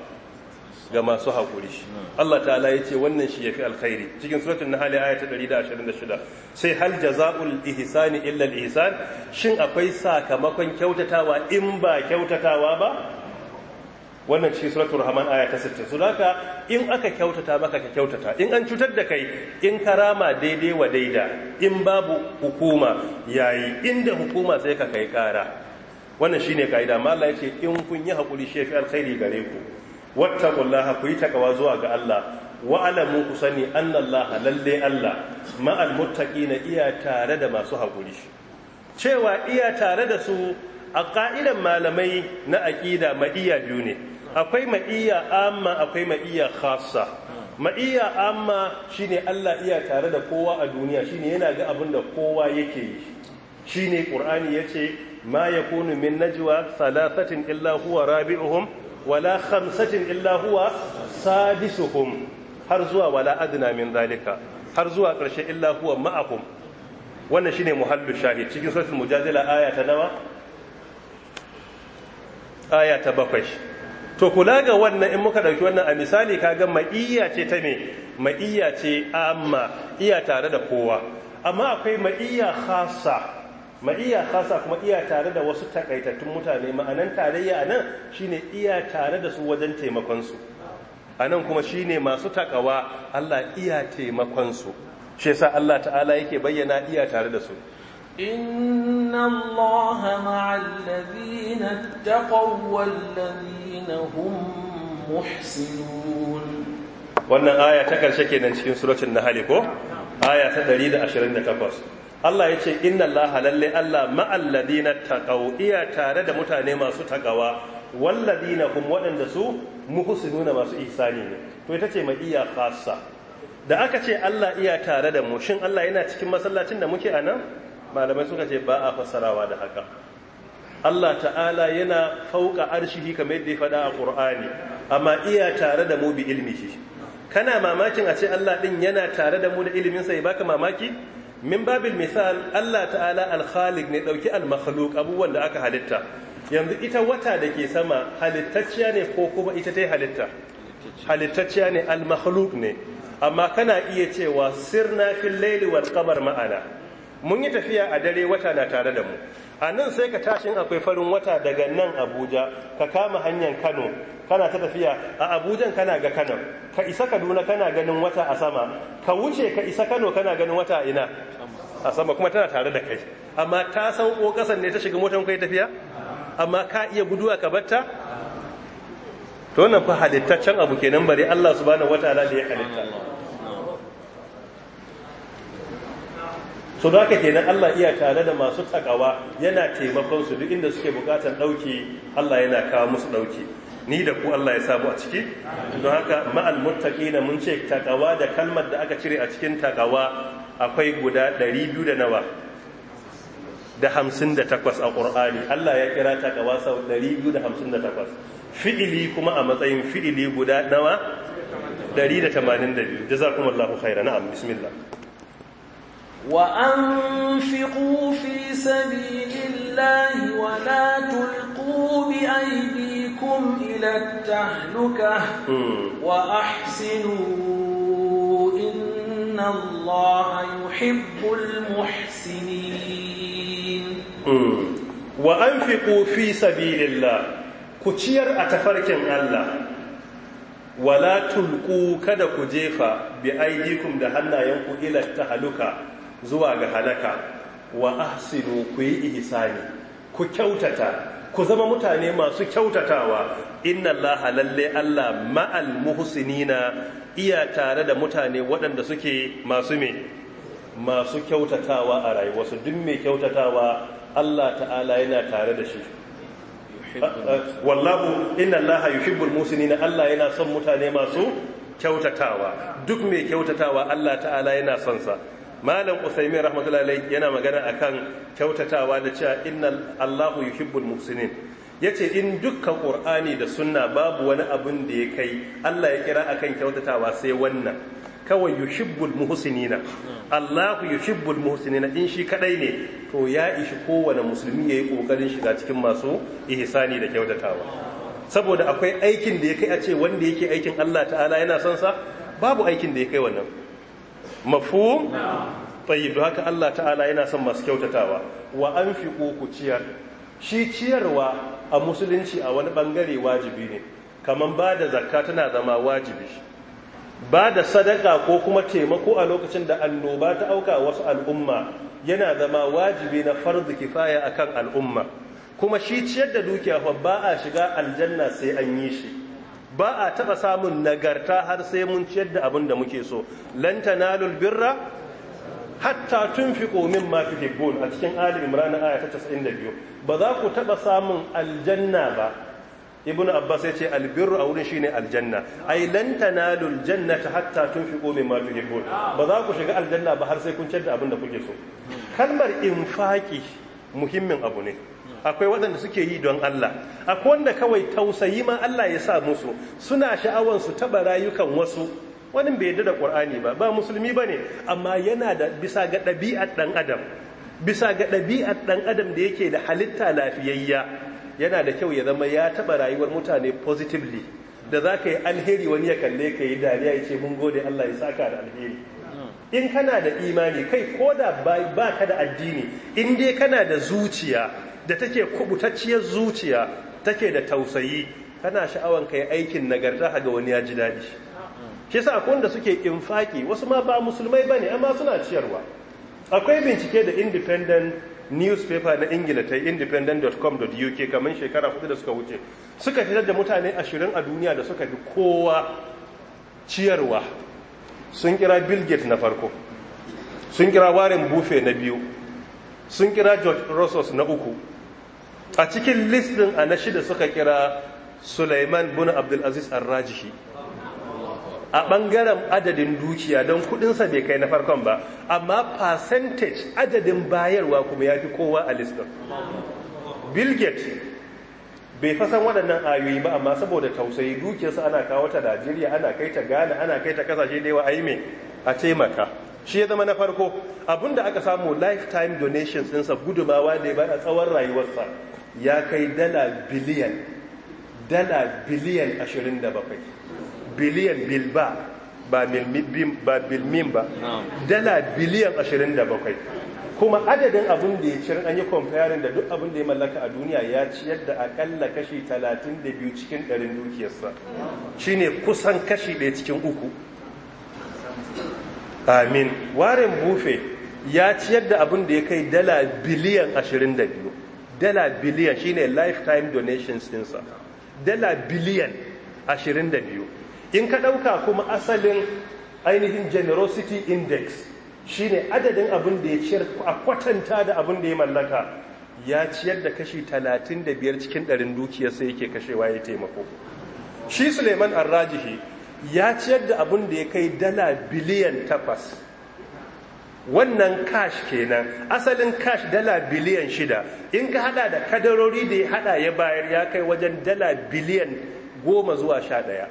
ga masu haƙuri Allah ta'ala ya ce wannan shi ya fi alkhairi cikin suratun na hali ayata 126 sai hal jaza'ul ihsani illa al-ihsan shin akwai sakamakon kyautatawa in ba kyautatawa ba wannan cikin suratul rahman ayata 60 so haka in aka kyautata maka ka kyautata in an cutar da kai in karama daidai wa daida in babu hukuma yayi inda hukuma sai ka kai kara wannan shine kaida amma Allah ya ce in kun yi haƙuri shi ya fi alkhairi gare ku wattaqullaha ku yi takawa zuwa ga Allah wa alamu ku sani annallaha lalle Allah ma'al muttaqina iya tare da masu hakuri cewa iya tare da su a ka'idan malamai na aqida ma'iya biyu ne akwai ma'iya amma akwai ma'iya khassa ma'iya amma shine Allah iya tare da kowa a duniya shine yana ga abin da kowa yake yi shine qur'ani yace ma yakunu min najwa thalathatin illa huwa rabi'uhum wala khamsatin illa huwa sadisuhum har zuwa wala adna min zalika har zuwa ƙarshe illa huwa ma'akum wannan shine muhallu shahid cikin suratul mujadila aya ta nawa aya ta bakwai to kula ga wannan in muka dauki wannan a misali kaga ma'iyya ce ta ne, ma'iyya ce amma iya tare da kowa amma akwai ma'iyya khassa iya kasa kuma iya tare da wasu takaitattun mutane ma'anan tarayya a nan shine iya tare da su wajen taimakonsu a nan kuma shine masu takawa Allah iya taimakonsu shi yasa Allah ta'ala yake bayyana iya tare da su inna allaha ma'al ladina taqaw wal ladina hum muhsinun wannan aya ta karshe kenan cikin suratul nahl ko aya ta 128 Allah ya ce inna Allah lalle Allah ma'alladina taqaw iya tare da mutane masu taqawa walladina hum waɗanda su muhsinuna masu ihsani ne to ita ce mai iya khassa da aka ce Allah iya tare da mu shin Allah yana cikin masallacin da muke anan malamai suka ce ba a fassarawa da haka Allah ta'ala yana fauka arshihi kamar yadda ya faɗa a Qur'ani amma iya tare da mu bi ilmihi kana mamakin a ce Allah din yana tare da mu da ilimin sa ya baka mamaki min babil misal Allah ta'ala al-khaliq ne dauki al-makhluq abubuwan da aka halitta yanzu ita wata da ke sama halittacciya ne ko kuma ita ta yi halitta halittacciya ne al-makhluq ne amma kana iya cewa sirna fil layli wal qamar ma'ana mun yi tafiya a dare wata na tare da mu a nan sai ka tashi akwai farin wata daga nan abuja ka kama hanyar kano kana ta tafiya a abujan kana ga kano ka isa kaduna kana ganin wata a sama ka wuce ka isa kano kana ganin wata a ina a sama kuma tana tare da kai amma ta san ko ne ta shiga motar kai tafiya amma ka iya guduwa ka batta to wannan fa halittaccen abu kenan bare Allah subhanahu wataala da ya halitta su da haka kenan Allah iya tare da masu takawa yana taimakon su duk inda suke bukatar dauki Allah yana kawo musu dauki ni da ku Allah ya sabu a ciki don haka ma'al muttaqina mun ce takawa da kalmar da aka cire a cikin takawa akwai guda 200 da nawa da 58 a Qur'ani Allah ya kira takawa sau 258 fi'ili kuma a matsayin fi'ili guda nawa 182 jazakumullahu khairan na'am bismillah وأنفقوا في سبيل الله ولا تلقوا بأيديكم إلى التهلكة وأحسنوا إن الله يحب المحسنين وأنفقوا في سبيل الله كتير أتفركن الله ولا تلقوا كدك جيفا بأيديكم دهنا ينقو إلى التهلكة zuwa ga halaka wa ahsinu ku yi ihsani ku kyautata ku zama mutane masu kyautatawa inna allaha lalle allah ma'al muhsinina iya tare da mutane waɗanda suke masu me masu kyautatawa a rayuwarsu duk mai kyautatawa allah ta'ala yana tare da shi wallahu inna allaha yuhibbul muhsinina allah yana son mutane masu kyautatawa duk mai kyautatawa allah ta'ala yana son sa malam usaimin rahmatullahi yana magana akan kyautatawa da cewa inna allahu yuhibbul muhsinin ce in dukkan qur'ani da sunna babu wani abin da ya kai Allah ya kira akan kyautatawa sai wannan kawai yuhibbul muhsinina allahu yuhibbul muhsinina in shi kadai ne to ya ishi kowane musulmi ya yi kokarin shiga cikin masu ihsani da kyautatawa saboda akwai aikin da ya kai a ce wanda yake aikin Allah ta'ala yana son sa babu aikin da ya kai wannan mafhum tayyib haka Allah ta'ala yana son masu kyautatawa wa anfiqu ku ciyar shi ciyarwa a musulunci a wani bangare wajibi ne Kamar ba da zakka tana zama wajibi ba da sadaka ko kuma taimako a lokacin da annoba ta auka wasu al'umma yana zama wajibi na farzu kifaya akan al'umma kuma shi ciyar da dukiya fa ba a shiga aljanna sai an yi shi ba a taɓa samun nagarta har sai mun ciyar da abin da muke so Lanta tanalul birra hatta tunfiqu mimma tuhibbun a cikin Ali Imran aya ta 92 ba za ku taɓa samun aljanna ba ibnu abbas yace albirru a wurin shine aljanna ai lan tanalul jannata hatta tunfiqu mimma tuhibbun ba za ku shiga aljanna ba har sai kun ciyar da abin da kuke so kalmar infaki muhimmin abu ne akwai waɗanda suke yi don Allah akwai wanda kawai tausayi ma Allah ya sa musu suna sha'awan su taɓa rayukan wasu wani bai yadda da ƙur'ani ba ba musulmi ba ne amma yana da bisa ga ɗabi'ar ɗan adam bisa ga ɗabi'ar ɗan adam da yake da halitta lafiyayya yana da kyau ya zama ya taɓa rayuwar mutane positively da za ka yi alheri wani ya kalle ka yi dariya ya ce mun gode Allah ya saka da alheri in kana da imani kai ko da ba ka da addini in dai kana da zuciya da take kubutacciyar zuciya take da tausayi kana sha'awan kai aikin nagarta ga wani ya ji daɗi shi yasa akwai wanda suke infaki wasu ma ba musulmai bane amma suna ciyarwa akwai bincike da independent newspaper na ingila ta independent.com.uk kamar shekara hudu da suka wuce suka fitar da mutane ashirin a duniya da suka fi kowa ciyarwa sun kira bill gates na farko sun kira warren buffet na biyu sun kira george rossos na uku a cikin listin a na shida suka kira Sulaiman bin Abdulaziz Aziz rajihi a bangaren adadin dukiya don kudinsa bai kai na farkon ba amma percentage adadin bayarwa kuma ya fi kowa a listin Bill Gates bai fasan waɗannan ayoyi ba amma saboda tausayi dukiyarsa ana kawo ta Najeriya ana kai ta Ghana ana kai ta kasashe da yawa ayi mai a taimaka shi ya zama na farko abinda aka samu lifetime donations ɗinsa gudumawa ne ba a tsawon rayuwarsa ya kai dala biliyan dala biliyan 27 biliyan bilba ba ba bilmin ba dala biliyan 27 kuma adadin abin da ya cire an yi kwamfayarin da duk abin da ya mallaka a duniya ya ciyar da akalla kashi 32 cikin ɗarin dukiyarsa shine kusan kashi ɗaya cikin uku amin warren buffet ya ciyar da abin da ya kai dala biliyan 22 dala biliyan shine lifetime donations dinsa dala biliyan 22 in ka ɗauka kuma asalin ainihin generosity index shine adadin abin da ya ciyar a kwatanta da abin da ya mallaka ya ciyar da kashi 35 cikin ɗarin dukiya sai yake kashewa ya taimako shi suleiman arrajihi ya ciyar da abin da ya kai dala biliyan takwas wannan kash kenan asalin kash dala biliyan shida in ka hada da kadarori da ya hada ya bayar ya kai wajen dala biliyan goma zuwa sha daya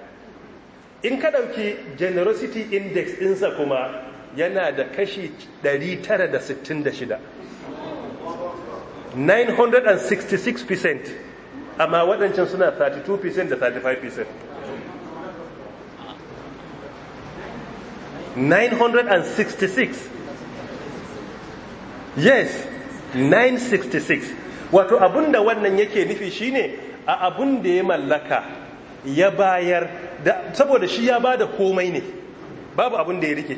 in ka dauki generosity index insa kuma yana da kashi 966 966% amma waɗancan suna 32% da 35% 966 yes 966 wato abinda wannan yake nufi shine a abun da ya mallaka ya bayar saboda shi ya bada komai ne babu abun da ya rike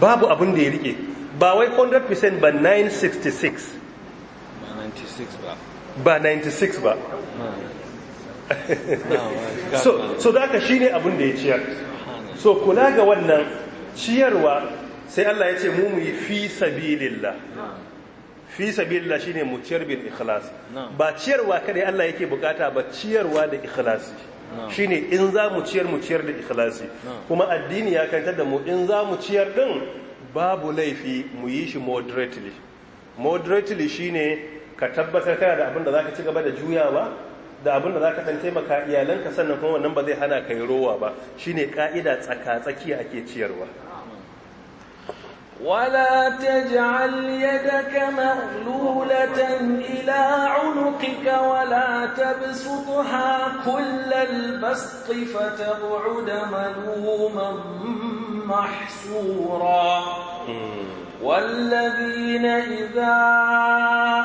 babu abin da ya rike ba wai 100% ba 966 ba 96 ba so so da aka shine abin da ya ciyar so kula ga wannan ciyarwa sai Allah ya ce mu mu yi fi sabilillah fi sabilillah shine mu ciyar bil ikhlas ba ciyarwa kadai Allah yake bukata ba ciyarwa da ikhlasi shine in za mu ciyar mu ciyar da ikhlasi kuma addini ya kanta da mu in za mu ciyar din babu laifi mu yi shi moderately moderately shine ka tabbatar kana da abin da zaka ci gaba da juyawa da abin da zaka ɗan taimaka iyalanka sannan kuma wannan ba zai hana ka yi rowa ba shine ka'ida tsaka tsakiya ake ciyarwa ولا تجعل يدك مغلولة إلى عنقك ولا تبسطها كل البسط فتقعد ملوما محسورا والذين إذا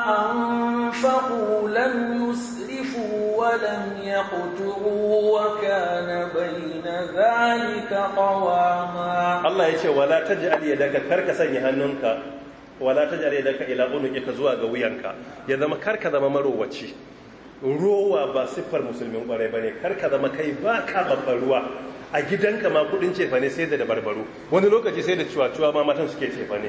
أنفقوا لم يسرفوا ولم يقتروا وكان بين ذلك قواما الله يشي ولا تجعل يدك كركا سني هنونك ولا تجعل يدك إلى أنك زوا غويانك يا ذا كركا ذا مرووتشي rowa ba siffar musulmin kwarai ba ne karka zama kai ba ka babban ruwa a gidanka ma kudin cefane sai da dabarbaru. wani lokaci sai da cuwa-cuwa ma matan suke cefa ne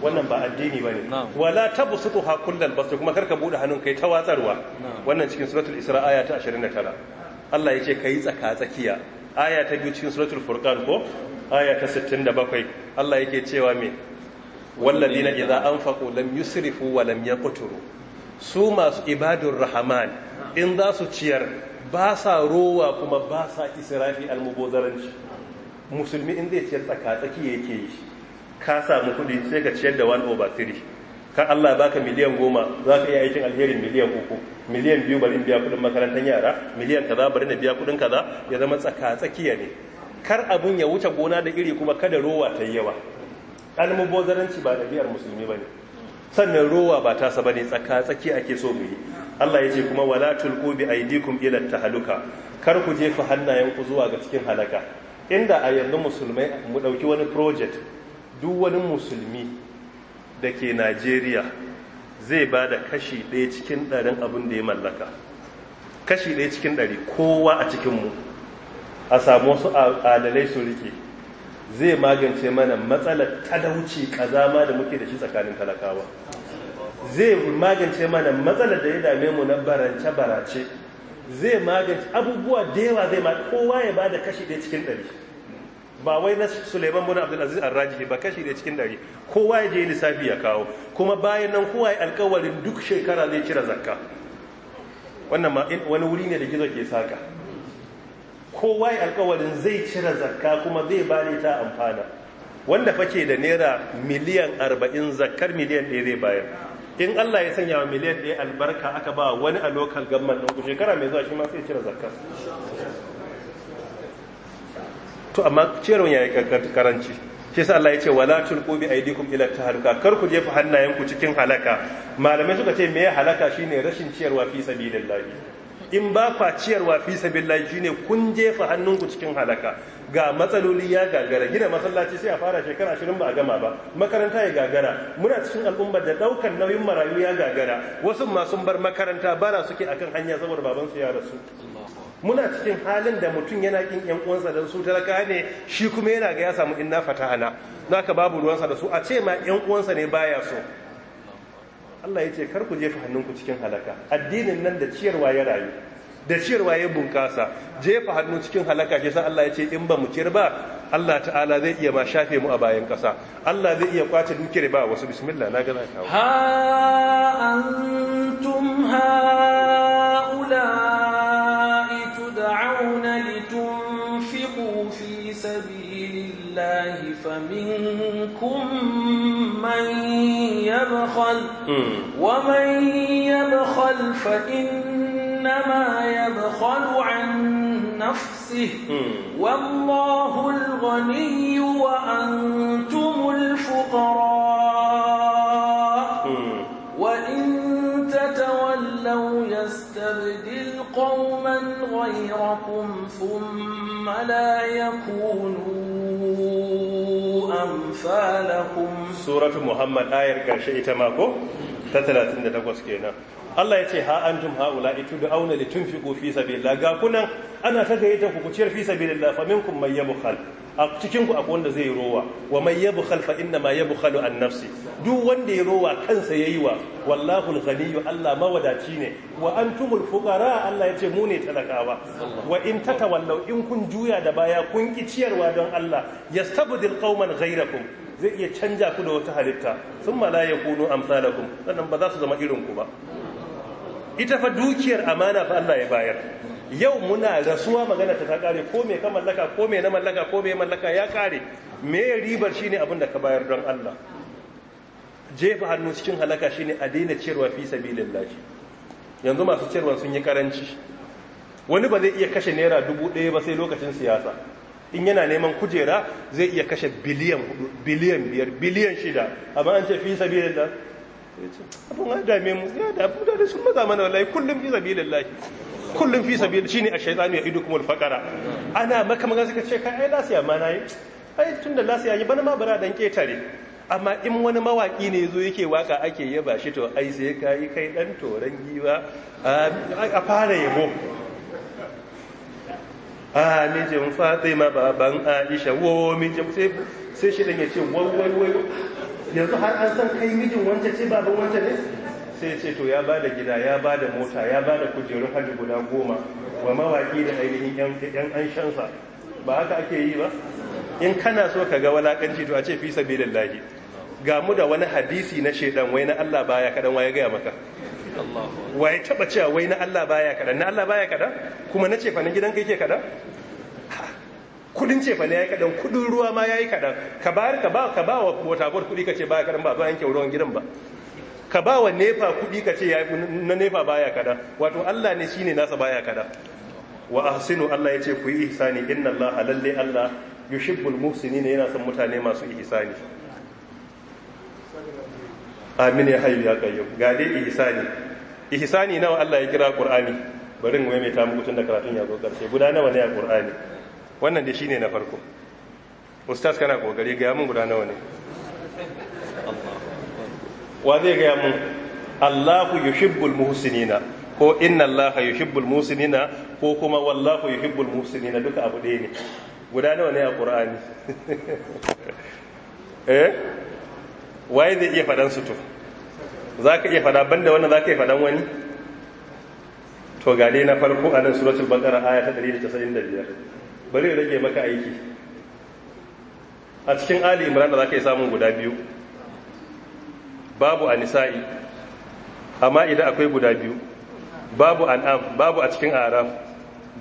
wannan ba addini ba ne wala ku ha ba basu kuma ka bude hannun kai ta watsarwa wannan cikin suratul isra aya ta 29 Allah ya ce ka yi tsaka tsakiya aya ta biyu cikin suratul furqan ko aya ta 67 Allah yake cewa me walladina idza anfaqu lam yusrifu wa lam yaqturu su masu ibadur rahman in za su ciyar ba sa rowa kuma ba sa israfi almubozaranci musulmi in zai ciyar tsaka-tsaki ke yi ka samu kudi sai ka ciyar da 1 over 3 ka Allah baka miliyan goma za ka yi aikin alherin miliyan uku miliyan biyu barin biya kudin makarantar yara miliyan kaza barin da biya kudin kaza ya zama tsaka ne kar abun ya wuce gona da iri kuma kada rowa ta yi yawa almubozaranci ba ɗabi'ar musulmi ba ne sannan rowa ba tasa ba ne tsaka-tsaki ake so mu Allah ya ce kuma wala tulqu bi aydikum ila tahluka kar ku jefa hannayen ku zuwa ga cikin halaka inda a yanzu musulmai mu dauki wani project duk wani musulmi da ke Najeriya zai ba da kashi ɗaya cikin ɗarin abin da ya mallaka kashi ɗaya cikin ɗari kowa a cikinmu a samu wasu alalai su rike zai magance mana matsalar talauci kazama da muke da shi tsakanin talakawa zai magance mana matsalar da ya dame mu na barance barace zai magance abubuwa da yawa zai ma kowa ya bada kashi ɗaya cikin ɗari ba wai na Suleiman bin Abdul Aziz al rajihi ba kashi ɗaya cikin ɗari kowa ya je lissafi ya kawo kuma bayan nan kowa ya alƙawarin duk shekara zai cire zakka wannan ma wani wuri ne da gizo ke saka kowa ya alƙawarin zai cire zakka kuma zai bani ta amfana wanda fake da naira miliyan arba'in zakkar miliyan ɗaya zai bayar in Allah ya sanya wa miliyan ɗaya albarka aka ba wani a local government ɗauku shekara mai zuwa shi ma sai cire zakar. to amma ciyarwa ya yi karanci shi sa Allah ya ce wala kobi bi ila ila tahaluka kar ku jefa hannayenku cikin halaka malamai suka ce me halaka shine rashin ciyarwa fi sabilillah in ba kwa ciyarwa fi sabilillah shine kun jefa hannunku cikin halaka ga matsaloli ya gagara gina masallaci sai a fara shekara ashirin ba a gama ba makaranta ya gagara muna cikin al'ummar da daukar nauyin marayu ya gagara wasu masu bar makaranta bara suke akan hanya saboda babansu ya rasu muna cikin halin da mutum yana kin yan uwansa da su talaka ne shi kuma yana ga ya samu inna fatahana naka babu ruwansa da su a ce ma yan uwansa ne baya so Allah ya ce kar ku jefa hannunku cikin halaka addinin nan da ciyarwa ya rayu da ciyarwa ya bunƙasa jefa hannu cikin halaka shi sa Allah ya ce in ba mu kirba, ba Allah ta'ala zai iya ma shafe mu a bayan ƙasa Allah zai iya kwace dukiyar ba wasu bismillah na gana kawo ha antum da tud'auna litunfiqu fi sabilillahi faminkum man yabkhal hmm. wa man yabkhal fa إنما يبخل عن نفسه والله الغني وأنتم الفقراء وإن تتولوا يستبدل قوما غيركم ثم لا يكونوا أمثالكم سورة محمد آية كرشئة ماكو 38 kenan Allah ya ce ha antum haula da da litunfiqu fi sabilillah ga kunan ana ta gayyata ku kuciyar fi sabilillah fa minkum may yabkhal a cikin ku akwai wanda zai rowa wa may yabkhal fa inna ma yabkhalu an nafsi duk wanda ya rowa kansa yayi wa wallahu al-ghaniyyu Allah mawadaci ne wa antumul fuqara Allah ya ce mu ne talakawa wa in tatawallaw in kun juya da baya kun ki ciyarwa don Allah yastabdil qauman ghayrakum zai iya canja ku da wata halitta sun ma la yakunu amsalakum sannan ba za su zama irin ku ba ita fa dukiyar amana fa Allah ya bayar yau muna rasuwa magana ta kare ko me ka mallaka ko me na mallaka ko me mallaka ya kare me ribar shine abin da ka bayar don Allah jefa hannu cikin halaka shine a daina ciyarwa fi sabilillah yanzu masu ciyarwa sun yi karanci wani ba zai iya kashe naira dubu ɗaya ba sai lokacin siyasa in yana neman kujera zai iya kashe biliyan biliyan biyar biliyan shida amma an ce fi sabilillah abin an dame mu ya mana wallahi ana maka suka lasiya ma nayi ai yi bana ma bara dan ketare amma in wani mawaki ne zo yake waka ake yaba shi to ai sai kai kai dan toran giwa a fara yabo a mijin fatima baban aisha wo mijin sai shi dan ya ce wai wai yanzu har an san kai mijin wancan ce baban wancan ne sai ce to ya bada gida ya bada mota ya bada kujerun hajji guda goma wa mawaki da ainihin yan an shansa ba haka ake yi ba in kana so ka ga walakanci to a ce fi sabilillahi ga mu da wani hadisi na shedan wai na Allah baya kadan waye ga maka wai taba cewa wai na Allah baya kadan na Allah baya kadan kuma nace fa na gidan kai ke kadan kudin cefa ne yi kadan kudin ruwa ma yi kadan ka ba ka ba ka ba wa wata kudi ka ce ba ya kadan ba ba yanke ruwan gidan ba ka ba wa nefa kudi ce na nefa ba ya kadan wato Allah ne shine nasa ba ya kadan wa ahsinu Allah ya ce ku yi ihsani inna Allah lalle Allah yuhibbul ne yana son mutane masu ihsani amin ya hayu ya qayyum ga dai ihsani ihsani nawa Allah ya kira Qur'ani bari mu maimaita muku tun da karatun ya zo karshe guda nawa ne a Qur'ani wannan da ne na farko ustaz kana kokari ga mun guda nawa ne wa zai ga mun Allahu shibbul muhusinina. ko inna Allaha shibbul muhusinina, ko kuma wallahu shibbul muhusinina duka abu ɗaya ne guda nawa ne a ƙura'ani eh waye zai iya fadan su to ka iya fada banda wannan za ka iya fadan wani to gade na farko a nan suratul bakara aya ta 195 bari rage maka aiki a cikin ali imran da za ka yi samun guda biyu babu a nisa'i amma idan akwai guda biyu babu an'am babu a cikin araf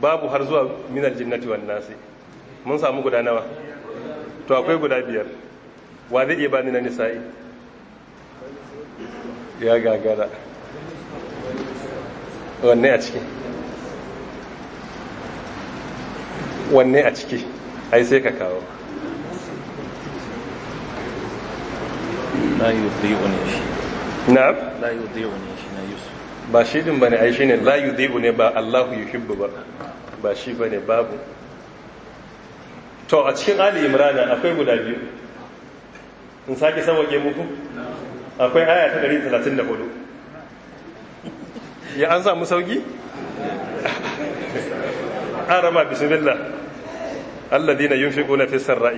babu har zuwa minar jinnati wan nasi mun samu guda nawa to akwai guda biyar wa zai iya bani na nisa'i ya gagara wanne a cikin wanne a ciki ai sai ka kawo Na la yudhi'uni shi na la yudhi'uni shi na yusuf ba shi din bane ai shine la yudhi'u ne ba Allahu yuhibbu ba ba shi bane babu to a cikin Ali Imran akwai guda biyu in sake sauke muku akwai aya ta 134 ya an samu sauki بسم الله الذين ينفقون في السراء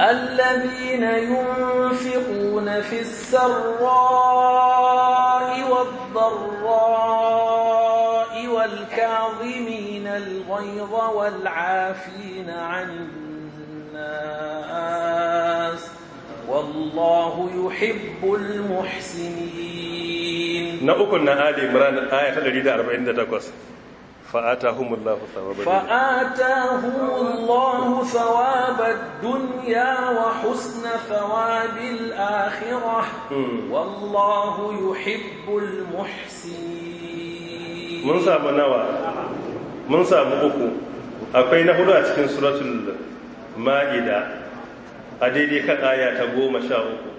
الذين ينفقون في السراء والضراء والكاظمين الغيظ والعافين عن الناس والله يحب المحسنين نأكلنا آل إمران آية 148 fa’atahumullahu tsawabar dunya wa husna tsawabil akhira wallahu yuhibbul muhsin mun samu nawa mun samu uku akwai na hudu a cikin suratul ma’ida a daidai kaɗaya ta goma sha uku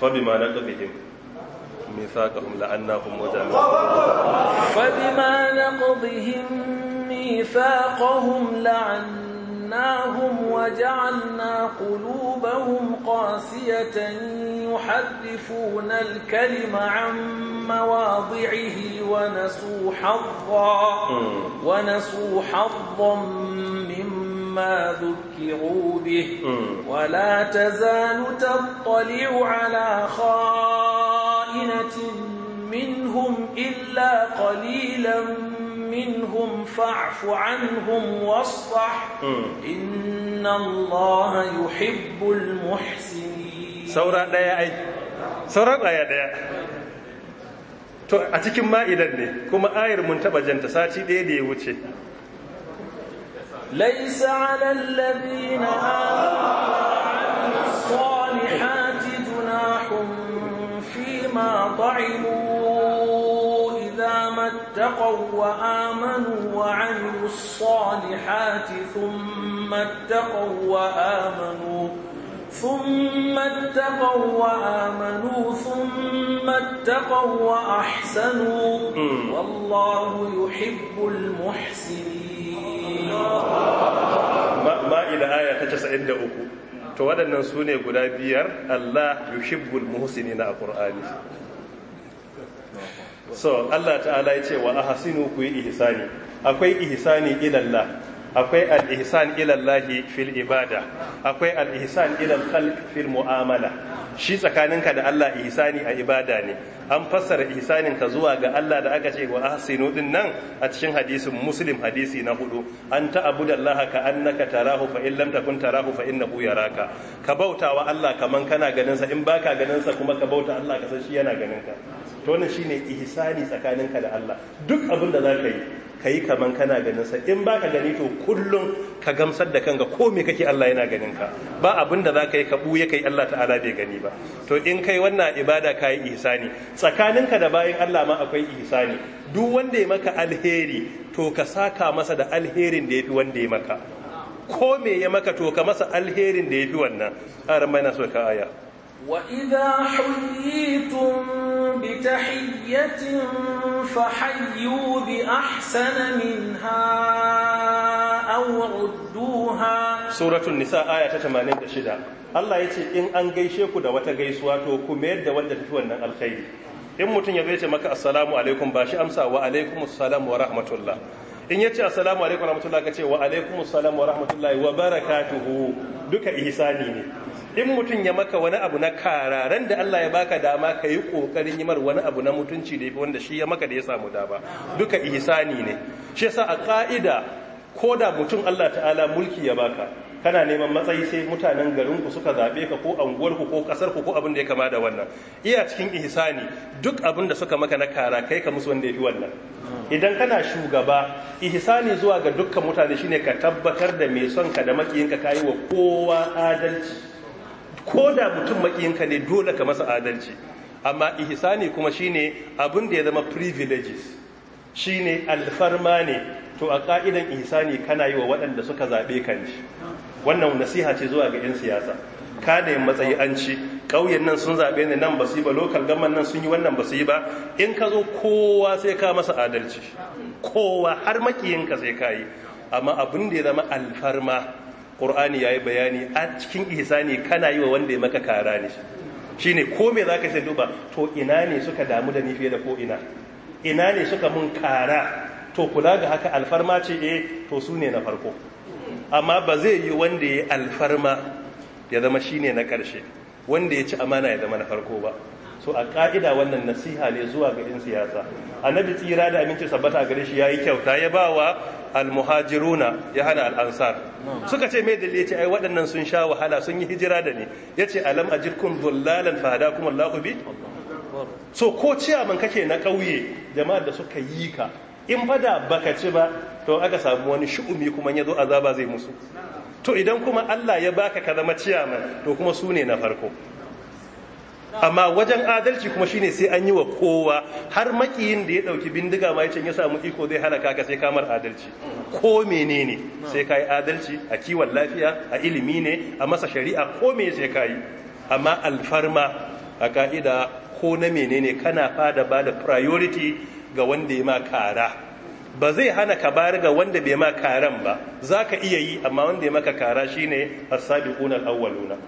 fa bi ma na ƙafihim ميثاقهم لأنهم فبما نقضهم ميثاقهم لعناهم وجعلنا قلوبهم قاسية يحرفون الكلم عن مواضعه ونسوا حظا ونسوا حظا مما ما ذكروا به ولا تزال تطلع على خاص خائنة منهم إلا قليلا منهم فاعف عنهم واصفح إن الله يحب المحسنين سورة دايا أي سورة دايا دايا to a cikin ma'idan ne kuma ayar mun taba janta sati ɗaya da ya wuce laisa alal ladina amanu بما طعموا إذا ما اتقوا وآمنوا وعملوا الصالحات ثم اتقوا وآمنوا ثم اتقوا وآمنوا ثم اتقوا وأحسنوا والله يحب المحسنين ما إلى آية 93 to waɗannan su ne guda biyar Allah shibbul muhusini na Qur'ani so Allah ta'ala ya ce wa ahsinu ku yi ihisani akwai ihsani ilallah akwai al-ihsan ila fil ibada akwai al-ihsan ila fil mu'amala shi tsakaninka da Allah ihsani a ibada ne an fassara ihsanin ka zuwa ga Allah da aka ce wa ahsinu din nan a cikin hadisin muslim hadisi na hudu an ta'budallaha ka annaka tarahu fa in lam takun tarahu fa innahu yaraka ka bautawa Allah kaman kana ganin sa in baka ganin sa kuma ka bauta Allah ka san shi yana ganin ka to wannan ne ihsani tsakaninka da Allah duk abin da ka yi yi kaman kana ganinsa. sa in ka gani to kullum ka gamsar da kanka ko me kake Allah yana ganin ka ba abin da ka yi ka buye kai Allah ta'ala bai gani ba to in kai wannan ibada ka yi ihsani tsakaninka da bayin Allah ma akwai ihsani duk wanda ya maka alheri to ka saka masa da alherin da yafi wanda ya maka ko me ya maka to ka masa alherin da yafi wannan aran mai na so ka aya Wa وإذا حييتم بتحية فحيوا بأحسن منها أو ردوها سورة النساء آية 86 الله يتي إن أن gaisheku da wata gaisuwa to ku mayar da wanda tafi wannan alkhairi in mutum ya zai maka assalamu alaikum ba shi amsa wa alaikumus salam wa rahmatullah in yace assalamu alaikum warahmatullahi ka ce wa alaikum assalam wa rahmatullahi wa duka ihsani ne in mutum ya maka wani abu na kararan da Allah ya baka dama ka yi kokarin yi mar wani abu na mutunci da yafi wanda shi ya maka da ya samu dama duka ihsani ne shi yasa a ka'ida ko da mutum Allah ta'ala mulki ya baka kana neman matsayi sai mutanen garinku suka zaɓe ka ko anguwarku ko ƙasarku ko abin da ya kama da wannan iya cikin ihsani duk abin da suka maka na kara kai ka musu wanda ya fi wannan idan kana shugaba ihsani zuwa ga dukkan mutane shine ka tabbatar da mai son ka da makiyinka kayi wa kowa adalci ko da mutum makiyinka ne dole ka masa adalci amma ihsani kuma shine abin da ya zama privileges shine alfarma ne to a ka'idan ihsani kana yi wa waɗanda suka zaɓe ka ne wannan nasiha ce zuwa ga 'yan siyasa ka da matsayi an ci ƙauyen nan sun zaɓe ne nan ba su yi ba lokal gaman nan sun yi wannan ba su yi ba in ka zo kowa sai ka masa adalci kowa har makiyinka sai ka yi amma abin da ya zama alfarma ƙur'ani ya yi bayani a cikin ihsani kana yi wa wanda ya maka kara ne shi ne ko me za ka sai duba to ina ne suka damu da ni fiye da ko ina ina ne suka mun kara to kula ga haka alfarma ce eh to su ne na farko amma ba zai yi wanda ya alfarma ya zama shi ne na ƙarshe wanda ya ci amana ya zama na farko ba so a ƙa'ida wannan nasiha ne zuwa ga 'yan siyasa annabi tsira da aminci sabbata a gare shi ya yi kyauta ya ba wa almuhajiruna ya hana al'ansar suka ce mai dalili ce ai waɗannan sun sha wahala sun yi hijira da ne ya ce alam a jirkun dullalan fahada kuma bi so ko ciyaman kake na ƙauye jama'ar da suka yi ka in fada baka ci ba to aka samu wani shu'umi kuma ya zo azaba zai musu to idan kuma Allah ya baka ka zama ciyaman to kuma su ne na farko amma wajen adalci kuma shine sai an yi wa kowa har makiyin da ya dauki bindiga ma yacin ya samu iko zai halaka ka sai kamar adalci ko menene sai kai adalci a kiwon lafiya a ilimi ne a masa shari'a ko me sai kai amma alfarma a ka'ida ko na menene kana fada ba da priority ga wanda ya ma kara ba zai hana ka bayar ga wanda bai ma karan ba za ka iya yi amma wanda ya maka kara shine as-sabiqun al-awwaluna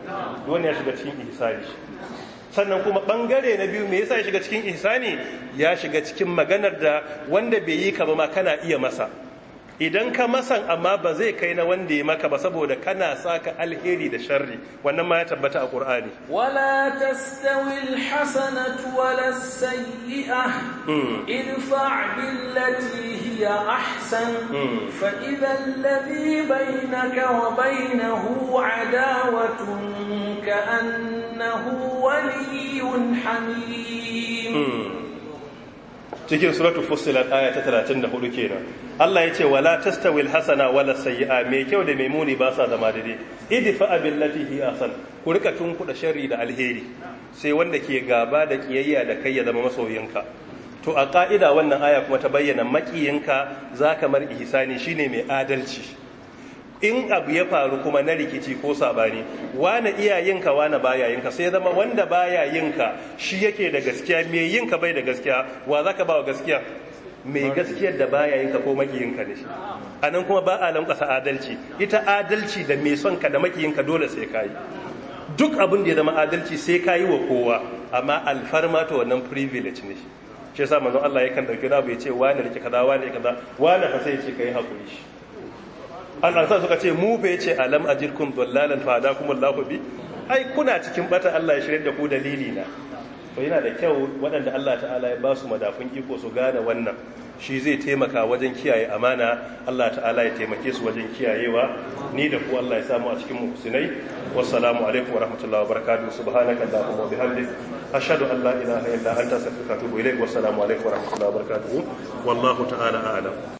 wannan ya shiga cikin ihsani sannan kuma bangare na biyu me yasa ya shiga cikin ihsani ya shiga cikin maganar da wanda bai yi ka ba ma kana iya masa idan ka masan amma ba zai kai na wanda ya maka ba saboda kana saka alheri da sharri wannan ma ya tabbata a qur'ani wala tastawi alhasanatu wala sayyi'ah hmm. idfa' billati hiya ahsan hmm. fa idha alladhi bainaka wa bainahu adawatun annahu waliyyun hamim hmm. cikin suratul fussilat aya ta 34 kenan Allah ya ce wala tastawil hasana wala sayyi'a mai kyau da mai muni ba sa zama daidai idfa billati hi asan ku rika tunkuda sharri da alheri sai wanda ke gaba da kiyayya da kai ya zama masoyinka to a ka'ida wannan aya kuma ta bayyana makiyinka zaka mar ihsani shine mai adalci in abu ya faru kuma na rikici ko sabani wane iya wane baya yinka sai zama wanda baya yinka shi yake da gaskiya me yinka bai da gaskiya wa zaka ba wa gaskiya mai gaskiyar da baya yinka ko makiyinka ne shi anan kuma ba a lankasa adalci ita adalci da mai son ka da makiyinka dole sai kai duk abin da ya zama adalci sai kai wa kowa amma alfarma to wannan privilege ne shi shi yasa manzon Allah yakan dauki da abu ya ce wani rike kaza wani kaza wani fa sai ya ce kai hakuri shi al'ansa suka ce mu bai ce alam ajirkum dallalan fa da kuma Allah bi ai kuna cikin bata Allah ya shirye da ku dalili na to yana da kyau waɗanda Allah ta'ala ya ba su madafun iko su gane wannan shi zai taimaka wajen kiyaye amana Allah ta'ala ya taimake su wajen kiyayewa ni da ku Allah ya samu a cikin muhsinai wassalamu alaikum wa rahmatullahi wa barakatuh subhanaka allahumma wa bihamdik ashhadu an la ilaha illa anta astaghfiruka wa atubu ilaik wassalamu alaikum wa rahmatullahi wa barakatuh wallahu ta'ala a'lam